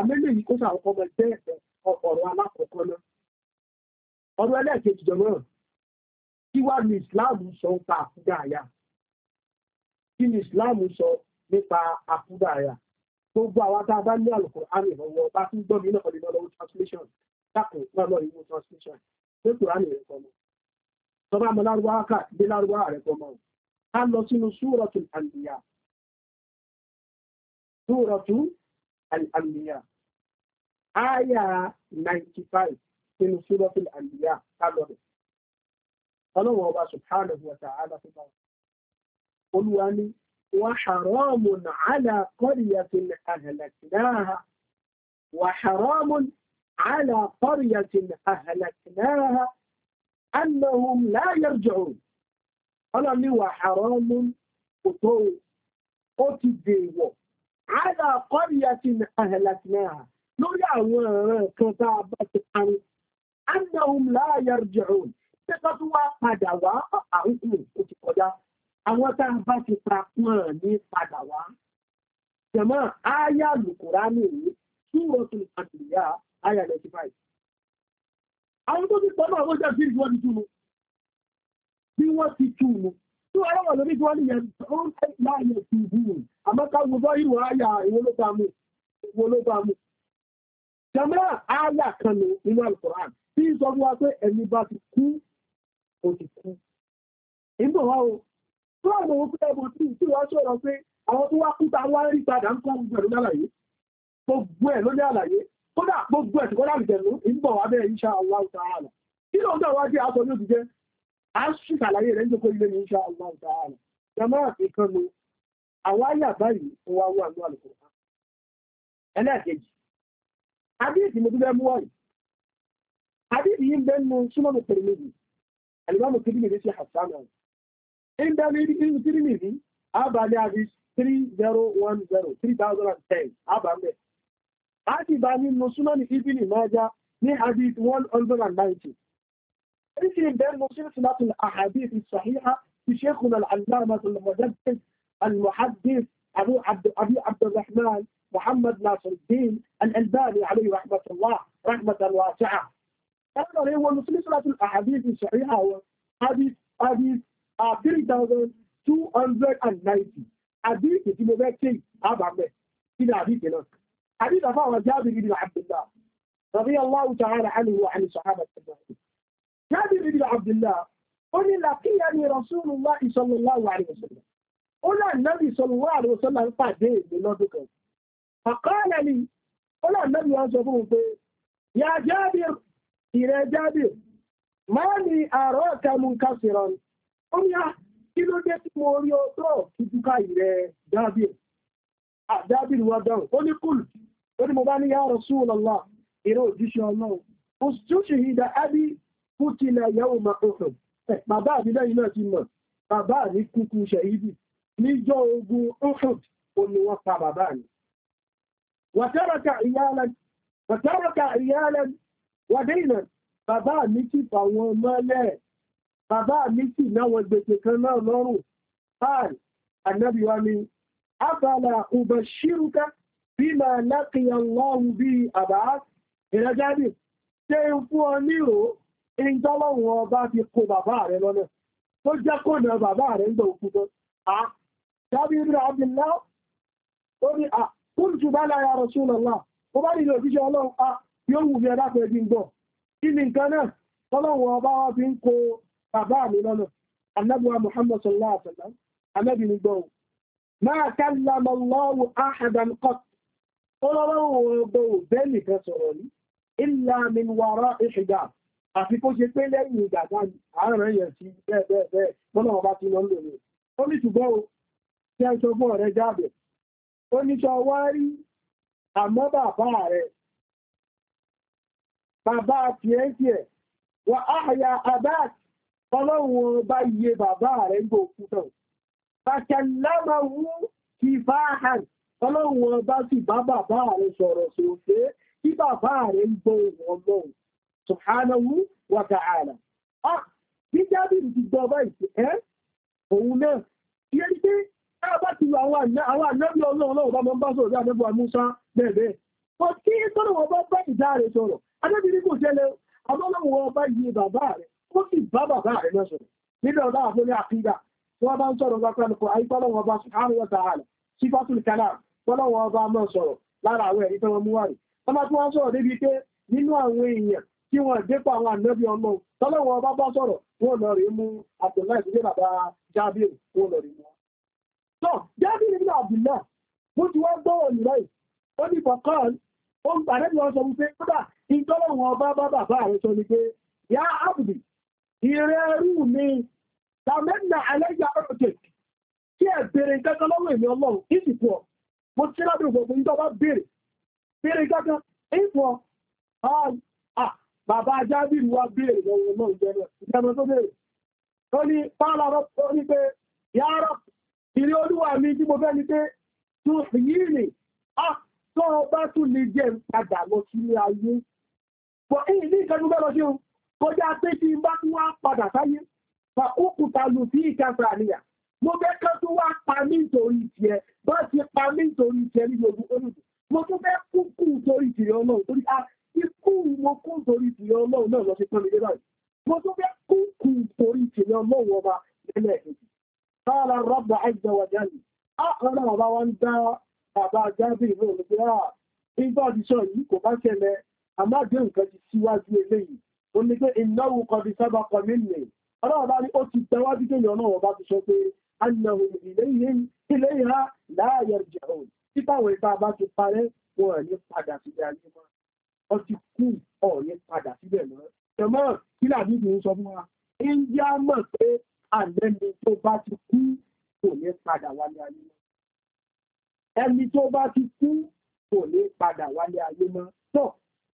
àmẹ́lẹ̀ yìí kó sàkọ́kọ́ mọ jẹ́ ọ̀rọ̀ alákọ̀ọ́kọ́ náà ọ̀rọ̀ ẹlẹ́ẹ̀kejì jọ náà kí wá ní Islam sọ nípa àkúdà àyà kí ní Islam sọ nípa àkúdà àyà gbogbo àwọn tá a bá ní àlùkò àmì ìrànwọ́ bá tún gbọ́ mí náà lọ lọ́wọ́ translation dákùn náà lọ ìwé translation pé kùránì rẹ̀ kọ́ mọ́ tọ́ba lárúbá kà dé lárúbá rẹ̀ kọ́ ká lọ sínú súrọ̀tù àlùyà súrọ̀tù الأنبياء آية 95 من سورة الأنبياء قال الله سبحانه وتعالى في قل وحرام على قرية أهلكناها وحرام على قرية أهلكناها أنهم لا يرجعون قال لي وحرام قطوع قتل àádà kọ́rìyà ti nà àhẹ̀lẹ̀tìmẹ́à lórí àwọn ọ̀ràn kan tá a bá ti parí. annahum la yarji'un ṣé kó tún wá padà wá àwọn ìlú tó ti kọjá àwọn tá a bá ti pa wọn ní padà wá. jẹ̀mọ́ àyà Al-Qur'ani nìyí Suratul Anbiya àyà ninety five. àwọn tó ti pọ̀ náà wọ́n jẹ́ bí wọ́n ti túnu bí wọ́n ti túnu tí wọ́n rọ̀wọ̀ lórí wọ́n yẹn ó ń tẹ́ láàyè sí ìbú rẹ̀ àmọ́ ká gbogbo ìwọ̀ àyà ìwọlóbàmù jama àyà kan ní inú alukoran tí ń sọ fún wa pé ẹni bá ti kú ó ti kú ìgbò wa o tó àwọn òun fẹ́ mọ̀ tí ìtú wa sọ̀rọ̀ pé àwọn tó wá kúta wá rí padà ń kọ́ gbogbo ẹ̀ lórí àlàyé gbogbo ẹ̀ lórí àlàyé kódà gbogbo ẹ̀ tí kọ́dà àlùjẹ̀nu ìgbò wa bẹ́ẹ̀ insha Allah ta'ala kí lóun náà wá jẹ́ aṣọ ní òjijẹ́ a sì ṣàlàyé rẹ̀ nítorí ilé ní ṣá ọgbà ọ̀tà ààrẹ jama ìkan ni àwọn àyà báyìí ó wá wà ní àlùkò ẹlẹ́ẹ̀kejì adéèdì mo dúpẹ́ mú wáyìí adéèdì yìí ń bẹ́ nu súnmọ́ mi pèrè méjì àlùbámu kiri mi sí ọ̀hún ń bẹ́ mi kiri mi àbí 3010 3010 abambe àti bá nínú súnmọ́ ní يمكن بيان بعض الأحاديث الصحيحة في شيخنا العلامة المجدد المحدث أبو عبد أبي عبد الرحمن محمد ناصر الدين الألباني عليه رحمة الله رحمة واسعة. أنا هو مسلسلة الأحاديث الصحيحة هو حديث حديث 3290 حديث في مبكي أبا عبد إلى حديث لك حديث أبا جابر بن عبد الله رضي الله تعالى عنه وعن الصحابة أجمعين. Jábìrì ibn Abdullah, ó ní làkíyà ni Rasulullah sallallahu alaihi wasallam. Ó náà nábì sallallahu alaihi wasallam ń pàdé èdè lọ́dún kan. Àkọọ́lẹ̀ ni, ó náà nábì wọn sọ fún un pé, Yà Jábìr, ìrẹ Jábìr, máa ní àárọ̀ kẹmú kásìrán. Ó ní à, ah, kí ló dé tí mo rí ọtọ́ kíkúkà ìrẹ Jábìr? Jábìr wọ́n dán, ó ní kùlù, ó ní mo bá ní yà Rasulullah, ìrẹ òjíṣẹ́ ọlọ́run. Òṣìṣẹ́ kútìlà yawma Uhud bàbá mi lẹ́yìn náà ti mọ̀ bàbá mi kúkú ṣẹ̀yìdì níjọ́ ogun Uhud ni wọ́n pa bàbá mi wa taraka iyalan wa taraka iyalan wa daynan bàbá mi ti fà wọn mọ́lẹ̀ bàbá mi sì náwọn gbèsè kan náà lọ́rùn báyìí ànábì wa ni afala ubashiruka bima laqiya Allahu bi àbá ìrẹ́jáde ṣe ń fún ọ ní ìjọlọ́wọ́ ọba ti kó bàbá rẹ̀ lọ́nà tó jẹ́ kó nà bàbá rẹ̀ ń gbà òkú tán à dábí ibùdó abdullá ó ní à kún jù bá láyà Rasulullah ó bá nílò òjíṣẹ́ ọlọ́run a yóò wù mí ẹ̀dáfẹ́ ẹbí ń gbọ́ kí ni nǹkan náà tọ́lọ́wọ́ ọba wa fi ń kó bàbá mi lọ́nà anábìwa Muhammad sallallahu alaihi wa sallam anábì ní àfi kó ṣe pé lẹ́yìn ìgbàgbà àárẹ̀ yẹ̀ sí bẹ́ẹ̀ bẹ́ẹ̀ bẹ́ẹ̀ bọ́nà ọba ti lọ lòrò ó ní ṣùgbọ́n o tí a sọ fún ọ̀rẹ́ jáde ó ní sọ wá rí àmọ́ bàbá rẹ̀ bàbá tiẹ̀ tiẹ̀ wà áhàyà abáàt ọlọ́run bá iye bàbá rẹ̀ ń bò kú tán bàtẹ̀lámàwú ti bá hàn ọlọ́run bá sì bá bàbá rẹ̀ sọ̀rọ̀ sòfé kí bàbá rẹ̀ ń gbọ́ ìwọ̀n lọ́hùn subhanahu wa ta'ala ah bí jábìrì ti gbọ́ báyìí ẹ́ òun náà tí ẹni pé náà bá ti lọ àwọn ànábì ọlọ́run náà bá mọ́ bá sọ̀rọ̀ bí ànábì amúsá bẹ́ẹ̀ bẹ́ẹ̀ kò kí tọ́nà wọn bá bá ìdá rẹ̀ sọ̀rọ̀ anábìrì kò ṣẹlẹ̀ ọlọ́run wọn bá yí bàbá rẹ̀ ó sì bá bàbá rẹ̀ náà sọ̀rọ̀ nínú ọ̀dá àfẹ́lẹ́ àkídà wọ́n bá ń sọ̀rọ̀ kí wọ́n dépò àwọn ànábì ọlọ́ tọ́lọ́wọ́ ọba bá sọ̀rọ̀ wọ́n lọ rí mú Abdullahi sílé bàbá Jábìrì wọ́n lọ rí mú wọn. tọ́ Jábìrì nínú Abdullahi bó ti wá gbọ́ òní láì ó ní bọ̀kan ó ń pàdé bí wọ́n sọ wípé kódà ìtọ́lọ́wọ́ ọba bá bàbá rẹ̀ sọ ni pé yá Abdi ìrẹ́rù mi tàmẹ́nà àlẹ́yà ọ̀rọ̀ tẹ̀kì kí ẹ bèèrè kankan lọ́wọ́ èmi ọlọ́run ìsìnkú ọ mo ti rábìrì gbogbo ìjọba bèèrè bèèrè kankan ìfọ̀ bàbá jábìr wá béèrè lọ́wọ́ náà jẹ́rọ ìjẹ́mọ tó béèrè tó ní pààlà rọ́pù ní pé yàrá ìrí olúwa mi tí mo fẹ́ ni pé tó yìí ni a tó bá tún lè jẹ́ padà lọ sí ilé ayé bọ̀ èyí ní ìkẹ́jú bẹ́ẹ̀ lọ sí o kọjá pé tí n bá tún wá padà sáyé fa òkúta lù sí ìkẹfà níyà mo fẹ́ kán tún wá pa mí nítorí tiẹ̀ bá ti pa mí nítorí tiẹ̀ ní gbogbo olùdó mo tún fẹ́ kúkú nítorí tiẹ̀ ọlọ́run torí ikú mo kú torí ti ọlọ́run náà lọ sí pọ́n mi dé báyìí mo tó fẹ́ kú kú torí ti ọlọ́run ọba nílẹ̀ èdè sára rọ́bà ẹgbẹ́ wa jáde àkọ́nà bàbá wa ń dá bàbá jáde ìlú òun à nígbà òdìṣọ́ yìí kò bá ṣẹlẹ̀ àmájé nǹkan ti síwájú eléyìí ó ní pé ìnáwó kan ti sábà kan mí nìyẹn ọlọ́run bá ní ó ti tẹwájú kéèyàn náà wọ́n ti sọ pé annahum ilayhim ilayha la yarji'un títàwọn ìta bá ti parẹ́ wọn ní padà sílé ayé máa ọ ti kú ọ̀ọ́yẹ padà síbẹ̀ lọ. tẹ̀mọ́ kílà níbi ń sọ fún wa india mọ̀ pé àlẹ́ni tó bá ti kú kò ní padà wálé ayé mọ́. ẹni tó bá ti kú kò ní padà wálé ayé mọ́. tọ́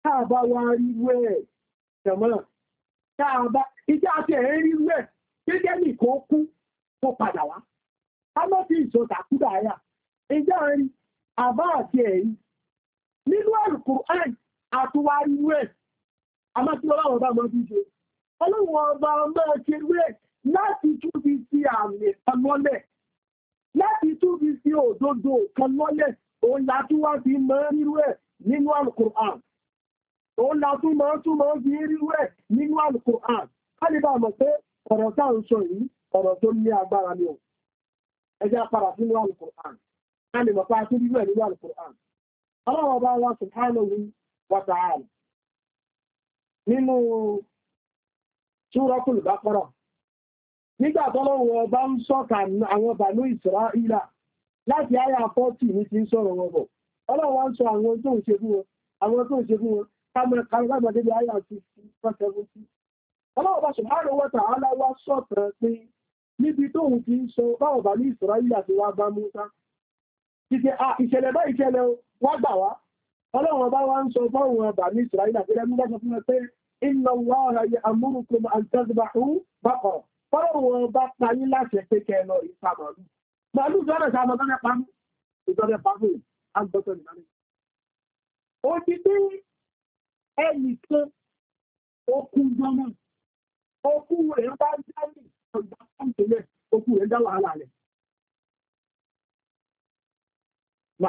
tá a bá wá rí wẹ́ẹ̀ tẹ̀mọ́ tá a bá ìjà àti ẹ̀ rí wẹ́ẹ̀ gẹ́gẹ́ nìkan kú kó padà wá. a lọ́ fi ìsọ̀tà kúdà yà ìjà rí àbá àti ẹ̀rí nínú àlùkò àìsí àtúwà irú ẹ̀ àmọ́tí ọlọ́run ọba mọ́ díje ọlọ́run ọba ọmọ ẹ̀kẹ́ irú ẹ̀ láti túbi sí àmì kan lọ́lẹ̀ láti túbi sí òdodo kan lọ́lẹ̀ òun látúwà fi mọ́ irú ẹ̀ nínú alukur'an òun látún mọ́ tún mọ́ fi irú ẹ̀ nínú alukur'an kálíbà mọ̀ pé ọ̀rọ̀ tá à ń sọ yìí ọ̀rọ̀ tó ní agbára ni ò ẹjẹ́ apára sínú alukur'an kálíbà pa sí irú ẹ̀ nínú alukur'an ọlọ́run ọba wa sùn al nínú Súratul Baqara nígbà tọ́lọ́wọ́ ọba ń sọ́ka àwọn láti 40 ní ti ń sọ àwọn tó ń ṣe fún wọn àwọn tó ń ṣe fún wọn kámẹ́kàlùgbàgbàdé bí àyà 60 bá subhanahu ń ọlọ́run ọba wa ń sọ fọ́wọ́n ọba ní ìsìláìlà pé ẹni bá sọ fún ẹ pé inna Allaha ya'murukum an tadhbahu baqara fọ́wọ́n ọba payín láti ẹ̀pẹ́ kẹ lọ ìpa màálù màálù sọ́dọ̀ sí àmọ́ tọ́lẹ̀ pamọ́ ìtọ́lẹ̀ pamọ́ àgbọ̀tọ̀ nìkanì. ó ti dé ẹnìkan okun gbọmọ okun rẹ̀ bá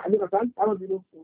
dárì ọgbà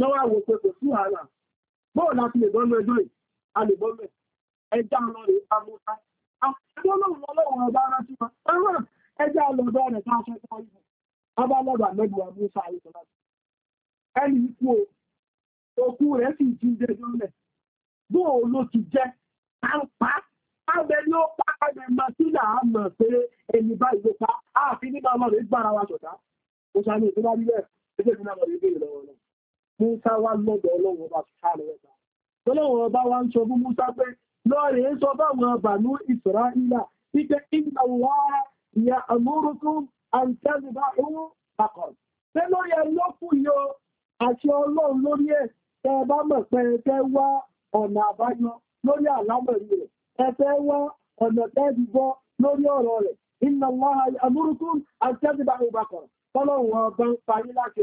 lọ́wọ́ àwọn òpè kò sí wàhálà bóò láti lè bọ́mọ ẹjọ́ yìí a lè bọ́mọ ẹja lọ rè amúta àti ọlọ́run ọlọ́run ọba àgbẹ̀ ló pa àgbẹ̀ mọ̀ sí là á mọ̀ pé ẹni báyìí ló pa àfi gbára wa ṣọ̀tá ó ṣàlùyẹ̀ tó bá rí ẹgbẹ́ ìdúná lọ́rọ̀ ìbéèrè Musa wa lọ́dọ̀ bụ ọba sùhánù ẹ̀dá. Ọlọ́run ọba wá ń sọ fún Musa pé lọ́ọ̀rẹ̀ ń sọ báwọn Banu Israila wípé inna Allah ya'murukum an tadhbahu baqar. Ṣé lórí ẹ lọ́kù yọ àti ọlọ́run lórí ẹ̀ bá mọ̀ pé ẹ wá ọ̀nà àbáyọ lórí àlámọ̀rí Ẹ fẹ́ wá ọ̀nà tẹ́ẹ̀dì bọ́ lórí ọ̀rọ̀ Ọlọ́run ọba ń parí láti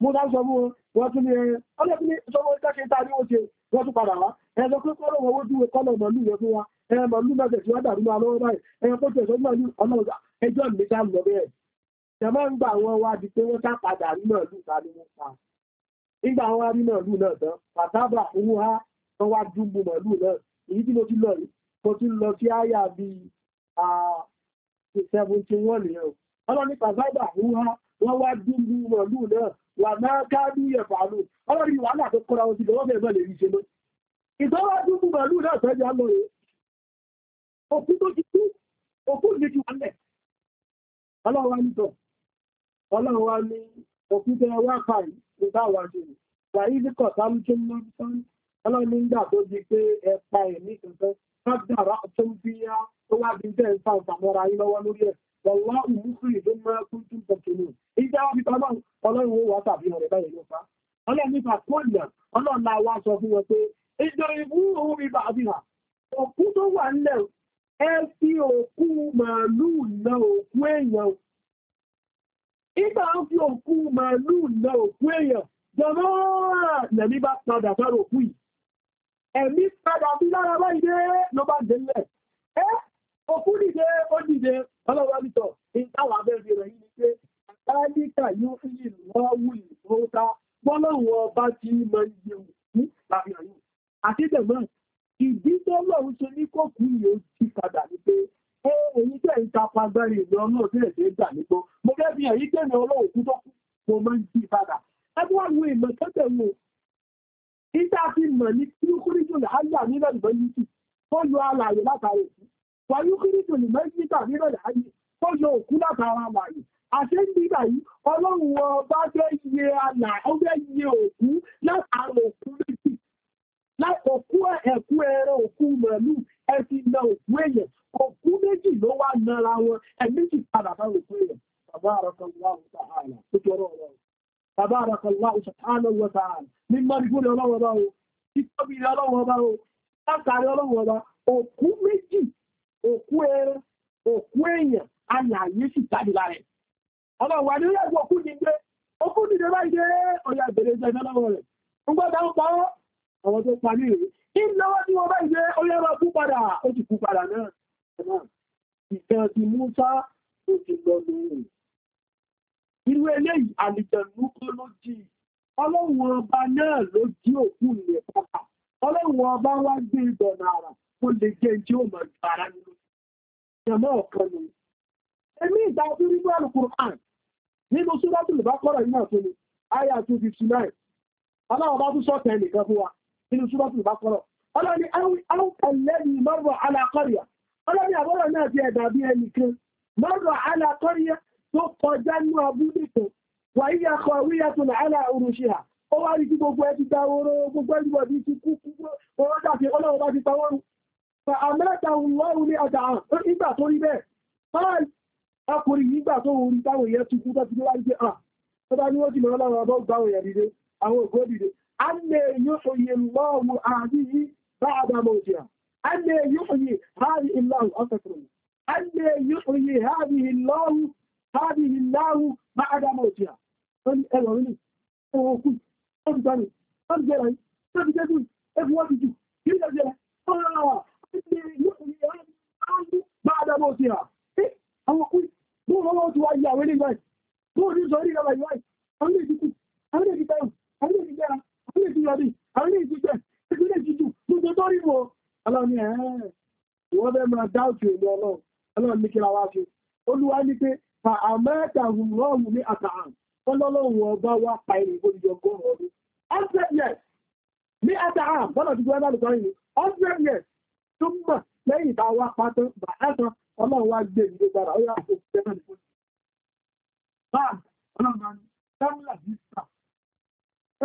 mo dá sọ fún wọn tún ní ẹran ọlọ́pìnrin sọ́wọ́ ìtàkì tàbí ó ṣe wọ́n tún padà wá ẹ̀yẹn sọ pé kọ́lọ̀ wọn ó dúró kọ́lọ̀ mọ̀lú yẹn fún wa ẹ̀yẹn mọ̀lú mẹ́jẹ̀ tí wọ́n dàrú máa lọ́wọ́ báyìí ẹ̀yẹn kó tẹ̀sọ́ mọ̀lú ọlọ́ọ̀dà ẹjọ́ mi dá lọ bẹ́ẹ̀ jẹ̀mọ́ ń gbà wọn wá di náà tán pàtàbà owó ha wọn wá dúgbò mọ̀lú náà èyí tí mo ti lọ yìí ti lọ sí àyà bíi ah, seventy one yẹn ọlọ́ni pàtàbà owó ha wọ́n wá dúró mọ̀lú náà wà máa káàdù yẹ̀fàánù ọlọ́rí wàhálà tó kọ́ra wọn ti lọ́wọ́ bẹ̀rẹ̀ mọ́ lè rí ṣe lọ ìtọ́wà dúró mọ̀lú náà sọ́jà lọ rẹ̀ òkú tó ti kú òkú ní ti wọlẹ̀ ọlọ́wà ní tọ̀ ọlọ́wà ní òkú tẹ wá pa ìgbà wà ní wà yí ní kọ̀tà ń tó mọ́ tán ọlọ́ni ńgbà tó di pé ẹ pa ẹ̀mí kankan ká dàrá tó ń wọ̀lá ìmúkùnrin tó máa kún tún tọ̀tùnú. Ìjẹ́ wọ́n fi tọ́lọ́ ọlọ́run ó wà tàbí ọ̀rẹ́ báyìí ló fa. Ọlọ́run nípa kọ́ọ̀lá ọlọ́run la wá sọ fún wọn pé ìjọ ìbú òun mi bá fi hàn. Òkú tó wà nílẹ̀ ẹ fi òkú màálùú na òkú èèyàn. Ìgbà ń fi òkú màálùú na òkú èèyàn. Jọ̀mọ́ lẹ́mí bá padà sọ́rọ̀ òkú yìí. Ẹ̀mí padà sí lára báyìí dé ló bá délẹ̀. Òkú dìde, ó dìde, ọlọ́wà nìtọ̀, ìtawà abẹ́rẹ́ rẹ̀ yìí ni pé, Táyíkà yóò fi ìlú wọ́n wù ìfowóta, bọ́lọ́wọ́ ọba ti mọ iye òkú láàrin àyùn. Àti ìdẹ̀mọ́, ìdí tó lọ́run ṣe ní kókù yóò ti padà ní pé, ó èyí tẹ̀ ń tapa agbára ìlú ọlọ́run sílẹ̀ sí ìgbà nígbó. Mo fẹ́ fi èyí tẹ̀mí ọlọ́run kú tó kú, mo máa ń wàyú kírìtò lè mẹ́jì tàbí ayé tó yọ òkú látara màyì àṣẹ ń bíbà yìí ọlọ́run ọba fẹ́ yẹ àlà ó yẹ òkú látara òkú òkú ẹ̀kú ẹran òkú màálù ẹ̀sì na òkú èèyàn òkú méjì ló wà wọn ẹ̀mí padà bá òkú èèyàn bàbá sàhánà tó jọrọ ọ̀rọ̀ bàbá sàhánà sàhánà ní mọ́nìkú ni ọlọ́wọ́ bá o ìtọ́bi ni ọlọ́wọ́ bá o ọlọ́wọ́ bá òkú méjì òkú ẹran òkú èèyàn alàyè sì jáde lára ẹ̀ ọlọ́wà ní ilé ẹ̀gbọ́n òkú dìde òkú dìde báyìí dé ọ̀yà ìbẹ̀rẹ̀ ìjọ iná lọ́wọ́ rẹ̀ nígbà tá ń pa ọ́ àwọn tó pa nílé ìlọ́wọ́ tí wọ́n báyìí dé ọ̀yà ẹ̀rọ kú padà ó ti kú padà náà ìtàn ti Músà ó ti lọ lóhùn irú eléyìí àlìjẹ̀nú kọ́ ló jí ọlọ́run ọba náà ló jí òkú ilẹ̀ pọ́pà ọlọ́run ọba wá gbé ìdọ̀nà àrà kó lè jẹ́ tí jẹmọ́ ọ̀kan ni ẹni ìgbà tó rí ní alukur'an nínú súrọ́tù lè bá kọ́rọ̀ yìí náà tó ní aya 259 aláwọ̀ bá tún sọ́tẹ̀ nìkan fún wa nínú súrọ́tù lè bá kọ́rọ̀ ọlọ́ni àwùkànlẹ́ni mọ́rọ̀ alákọ́rìà ọlọ́ni àbọ́rọ̀ náà ti ẹ̀dà bí ẹnìkan mọ́rọ̀ alákọ́rìà tó kọjá ní abúlé kan wà yíya kọ wíya tó nà álà òrùṣìà ó wá rí kí gbogbo ẹ ti ta oró gbogbo ẹ àmẹ́ta wọ́n ní ọjà ìgbà tó rí bẹ́ẹ̀ fáì ọkùnrin ìgbà tó rí táwọn èèyàn ti kú tọ́tí níwájú pé à ah, tó bá ní wọ́n ti mọ̀lá ọ̀rọ̀ ọgbà òyìn dìde àwọn ògbó dìde a lè yóò oyè lọ́wọ́ àárín yìí bá àdámọ̀ òjì à a lè yóò oyè háàrí ìlàhùn ọ̀sẹ̀kùnrin a lè yóò oyè háàrí ìlọ́hùn háàrí ìlàhùn bá àdámọ̀ òjì à ẹwọ̀n rí ẹwọ̀n kú ọdún tani ọdún jẹ́ra yìí tó ti jẹ́ Ọlọ́run ọba wa pa ẹ̀rìn olùjọ́gọ́rùn-ún. Hundred years, ní ẹ̀dà àà, bọ́nà ti gbọ́ ẹ̀dà lùkọ́ yìí, hundred years, tó mọ̀ lẹ́yìn ìta wá pátọ́ bàtàtàn ọlọ́run wá gbé ìdílé gbára ó yà kó jẹ́ náà nìkan. báà ọlọ́run máa ń tẹ́mílà ní ìta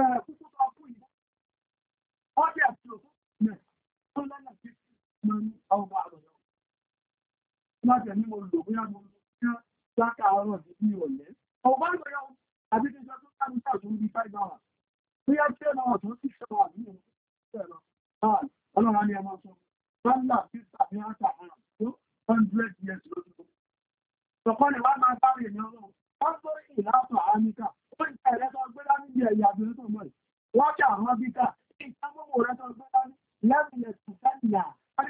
ẹ̀ẹ́ kúkú bá kú yìí ọdẹ àti òkú mẹ́ tó lọ́nà tí mo ní ọmọ àròyọ. láti ẹni mo lò bóyá mo lò ní lákàárọ̀ ní ìrọ̀lẹ́. ọ̀gbọ́n ìgbọ̀yọ̀ àti kí n sọ tó ká ní sáà máa sọ Sọ́lá sí tàbí àṣà àrùn tó 100 years lójúkú. Sọ̀kọ́ ni wá máa bá rèé ní ọlọ́run. Wọ́n tó rí ìlàpà Amíkà. Ó ń tẹ̀lé sọ gbé láti ilé ẹ̀yà àbúrú tó mọ̀ ẹ̀. Wọ́n kí àwọn Amíkà. Ìtàgbọ́wò rẹ̀ sọ gbé láti lẹ́bùn yẹn tó sẹ́yìn yà. Wọ́n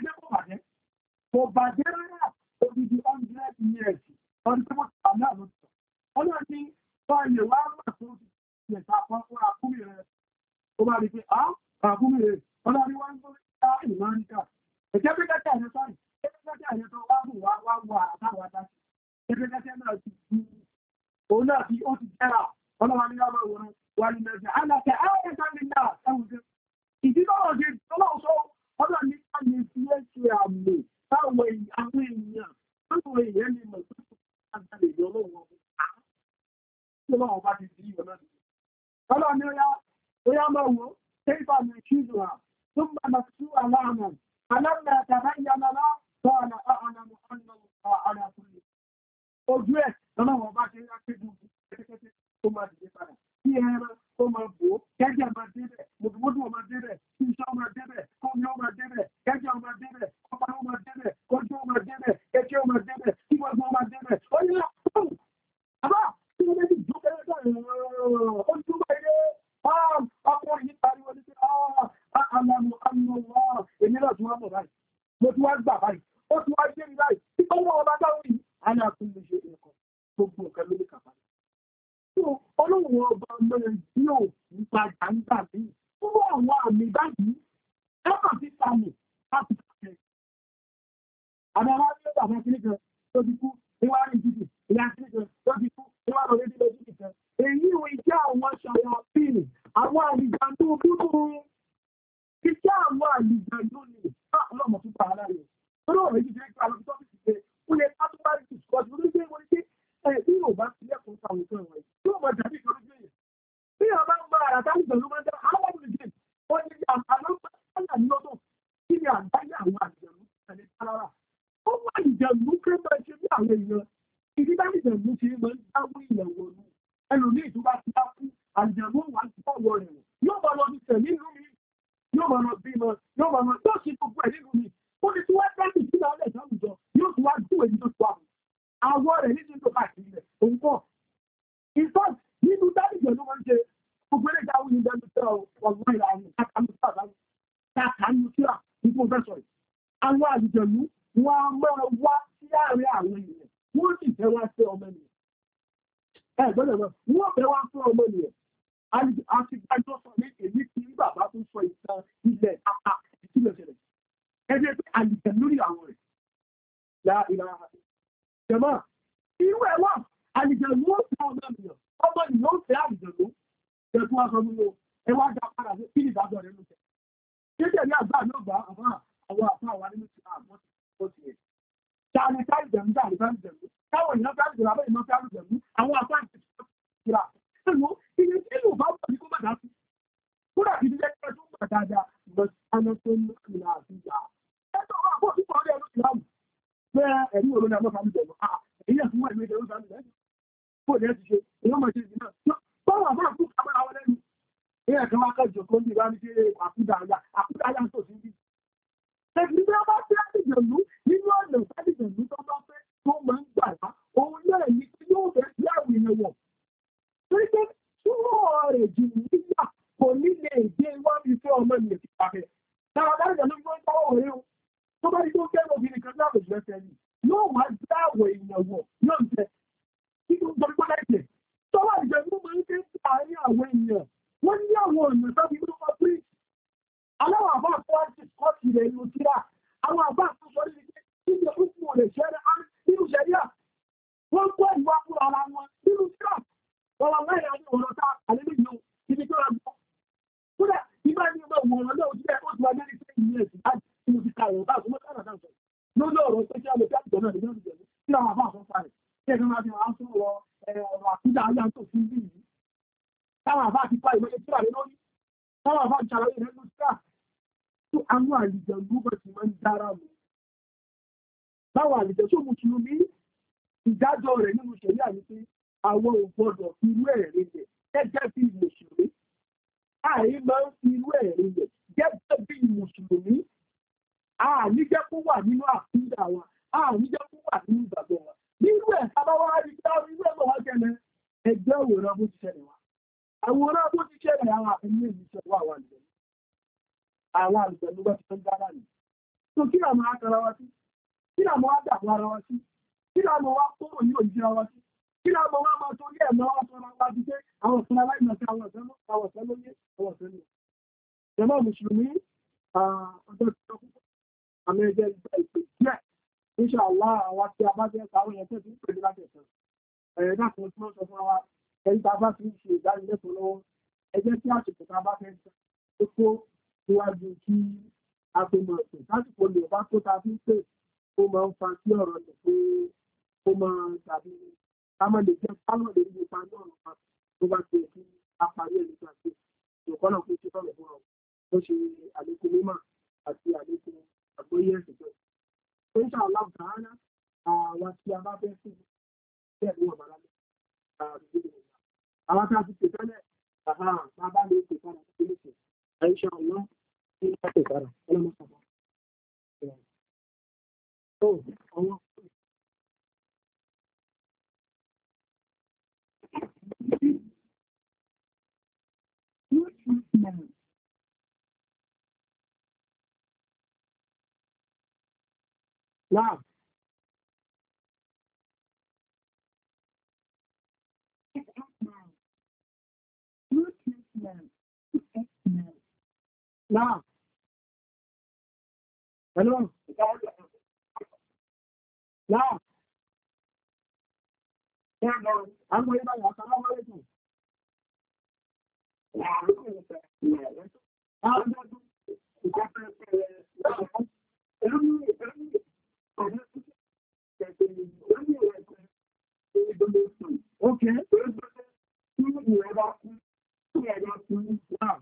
rẹ̀. Ó Ẹ̀jẹ̀ pé ó ti ó yá máa wò ó, ìfàmì ìṣúdùn à, tó ń bá فلما تبين له قال أعلم أن الله على كل شيء ojú ẹ̀ lọ́nà wọn bá ṣe ń rákéjú kẹ́kẹ́kẹ́ tó máa dìde padà kí ẹran tó máa bò ó kẹ́jẹ́ máa débẹ̀ mùtùmùtù ọmọ débẹ̀ kí iṣẹ́ ọmọ débẹ̀ kọ́mi ọmọ débẹ̀ kẹ́jẹ́ ọmọ débẹ̀ ọmọ ọmọ débẹ̀ kọjú ọmọ débẹ̀ kẹ́kẹ́ ọmọ débẹ̀ kí gbogbo ọmọ débẹ̀ ó ní àkókò àbá kí wọ́n lè dùn kẹ́kẹ́ tó ń rọrùn ó dùn báyìí ọkùnrin yìí pariwo ní àlànà àlùmọ́ èmi náà tún wá mọ̀ báyìí mo tún wá gbà báyìí ó tún wá gbé mi báyìí tí ó wọ́n ọba dáhùn yìí àlà tún lè ṣe ẹ̀kọ́ gbogbo nǹkan ló ní kàfà. olóhùn ọba mẹ́rin tí ò nípa jàǹdà mi fún àwọn àmì báyìí ẹ̀fà ti sàmì láti kàfẹ́. àmì aláwọ̀ yóò bàbá kiri kan tó ti kú ìwà rìn jìbì ìyá kiri kan tó ti kú ìwà rìn jìbì kan èyí ìwé jẹ́ àwọn aṣọ àwọn àfihàn àwọn àlìjàndó búburú iṣẹ́ àwọn àlùjọ ìlú ni ọlọ́mọ tó bá ara rẹ̀ lórí ọ̀rọ̀ yìí jẹ́ ìgbà lọ́dún tó ṣe ó yẹ ká tó bá rí jù sọ́ọ́ tó lóṣèlú wọn ṣe ẹ̀ bí yóò bá ti lẹ́kọ̀ọ́ sáwọn nǹkan ìwọ̀nyí yóò mọ̀ dàbí ìkan lójú èèyàn bí yóò bá ń bá ara táwọn ìgbà ló máa ń dá àwọn ọmọ ìjẹ́ ó ní àlọ́pàá lọ́dọ̀ kí ni àgbáyé àwọn àjẹ̀lú tẹ̀lé kálára ó wá ìjẹ̀lú pé máa ṣe bí àwọn èèyàn ìdí bá ìjẹ̀lú ṣe máa ń dáwọ́ ìyàwó ẹlòmíì tó bá ti bá kú àjẹ̀lú wà á yóò máa bí mọ yóò máa yóò ṣe gbogbo ẹ̀ nílùú mi àwòrán bó ti ṣẹlẹ̀ wá àwòrán bó ti ṣẹlẹ̀ àwọn àfẹ́mílẹ̀ yìí ṣe wá àwọn àlùbẹ̀lú àwọn àlùbẹ̀lú wọ́n ti fẹ́ dára nì so kí làwọn akara wa sí kí làwọn adàbọ̀ ara wa sí kí làwọn wa kóró yóò jíra wa sí kí làwọn wa máa torí ẹ̀ máa wá sọ́ra wa ti pé àwọn ọ̀sán aláìmọ̀ká àwọn ọ̀sán lóye àwọn ọ̀sán lóye jẹ́mọ́ mùsùlùmí ọjọ́ ìjọ púpọ̀ àmì ẹgbẹ́ ìgbà ìpè díẹ̀ níṣẹ́ àwọn àwọn tí a bá jẹ́ sáwọn yẹn tẹ̀sí ń pè ní láti ẹ̀sán ẹ̀ẹ́dà kan tí wọ́n sọ fún wa ẹni tá a bá fi ń ṣe ìdánilẹ́kọ̀ọ́ lọ́wọ́ ẹ jẹ́ kí àsìkò tá a bá fẹ́ sọ ó kó síwájú kí a tó mọ̀ pé lásìkò lè bá tó ta fi ń pè ó máa ń fa sí ọ̀rọ̀ lè pé ó máa ń tàbí kámọ́ lè jẹ́ kámọ́ lè ní ipa náà lọ́pa tó bá ti kí a parí ẹ̀ nígbà tó ìkọ́ náà kó tó sọ̀rọ̀ fún ọ ó ṣe àlékún mímọ̀ àti àlékún àgbóyé ẹ̀sìn tó. ó ń àwọn tí a bá fẹ́ sí bẹ́ẹ̀ ni wọ́n bá lálẹ́ àwọn bàbá Thank you. نعم الو نعم السلام عليكم Okay. Wow.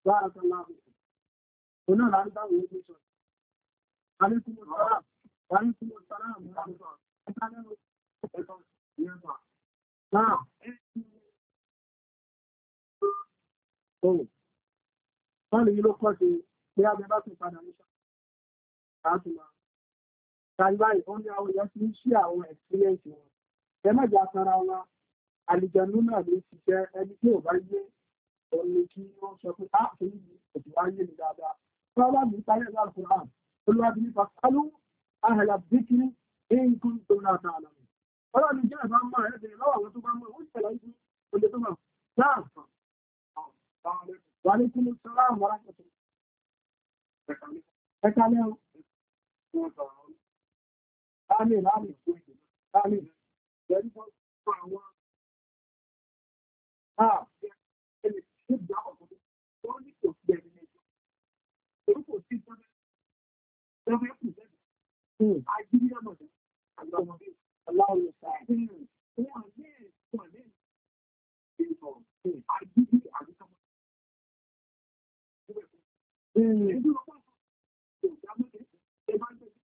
Barakallahu oná lárúbáwò ó ló sọ àríkùmọ̀ sára àríkùmọ̀ sára àmì àmì ẹ̀ka lẹ́nu ẹ̀ka ìyẹ̀fà náà ẹ̀kú sọ́ọ̀lù yìí ló kọ́ sí pé abẹ bá tún padà ní ṣáà tún máa tàbí báyìí ó ní àwọn èèyàn ti ń ṣí àwọn ẹ̀sìlẹ̀ǹsì wọn ẹ má jà tara wa àlìjẹnú náà ló ti jẹ ẹni tí ò bá yé òun ni kí wọ́n sọ pé á ah, kò yí òtún wá yé mi dáadáa Sọ́lá mi parí ẹ̀dá Kùrán, olùwàbí nípa kálú, àhàlà bíkiri, èyí kún tó náà ta àlà mi. Sọ́lá mi jẹ́ ẹ̀fà máa rẹ̀ bẹ̀rẹ̀ lọ́wọ́ àwọn torí kò sí ìtọ́jú lọ́wọ́ ẹ̀kú bẹ́ẹ̀ àjíríyá mọ̀dá àgbàmọ̀dé aláwọ̀ sáyẹn wọn àmì ẹ̀kọ́ àmì ẹ̀kọ́ àjírí àjíkàmọ́. Ẹgbẹ́ ọ̀pá ọ̀pá ọ̀gá mọ́tẹ́ ẹ bá ń tẹ̀lé.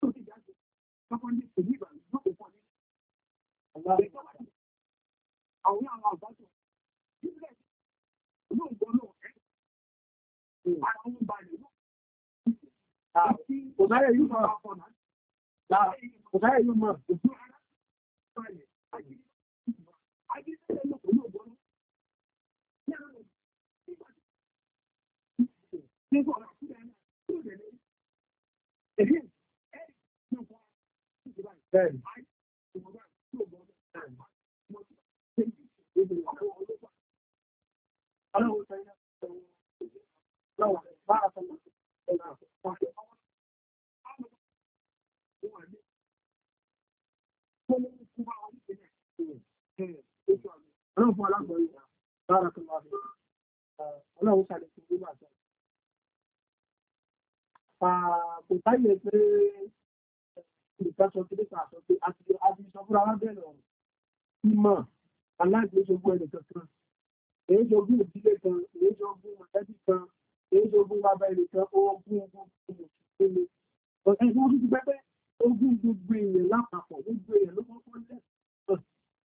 Tó ti jáde, yóò kó fún ọ Kò sáyẹ̀ yìí mọ̀, kò sáyẹ̀ yìí mọ̀, òjú Ọlọ́run Ọlọ́run fún alágbọ̀n ìgbà, bára tó máa fi ọlọ́run ṣàlẹ̀kùn nígbà tó. Kò táyé pé ìgbàsọ̀ tó dé pàṣọ pé a ti sọ fúnra wá bẹ̀rẹ̀ ọ̀rọ̀. Ìmọ̀ aláìsí ẹnìkan kan, èyí ìdílé kan, èyí mọ̀lẹ́bí kan, èyí tó gún bàbá ẹnìkan ogún ogún ìpele ọ̀sẹ̀ tí wọ́n ti pẹ́pẹ́ ogún gbogbo èèyàn lápapọ̀ gbogbo èèyàn ló kọ́kọ́ lẹ̀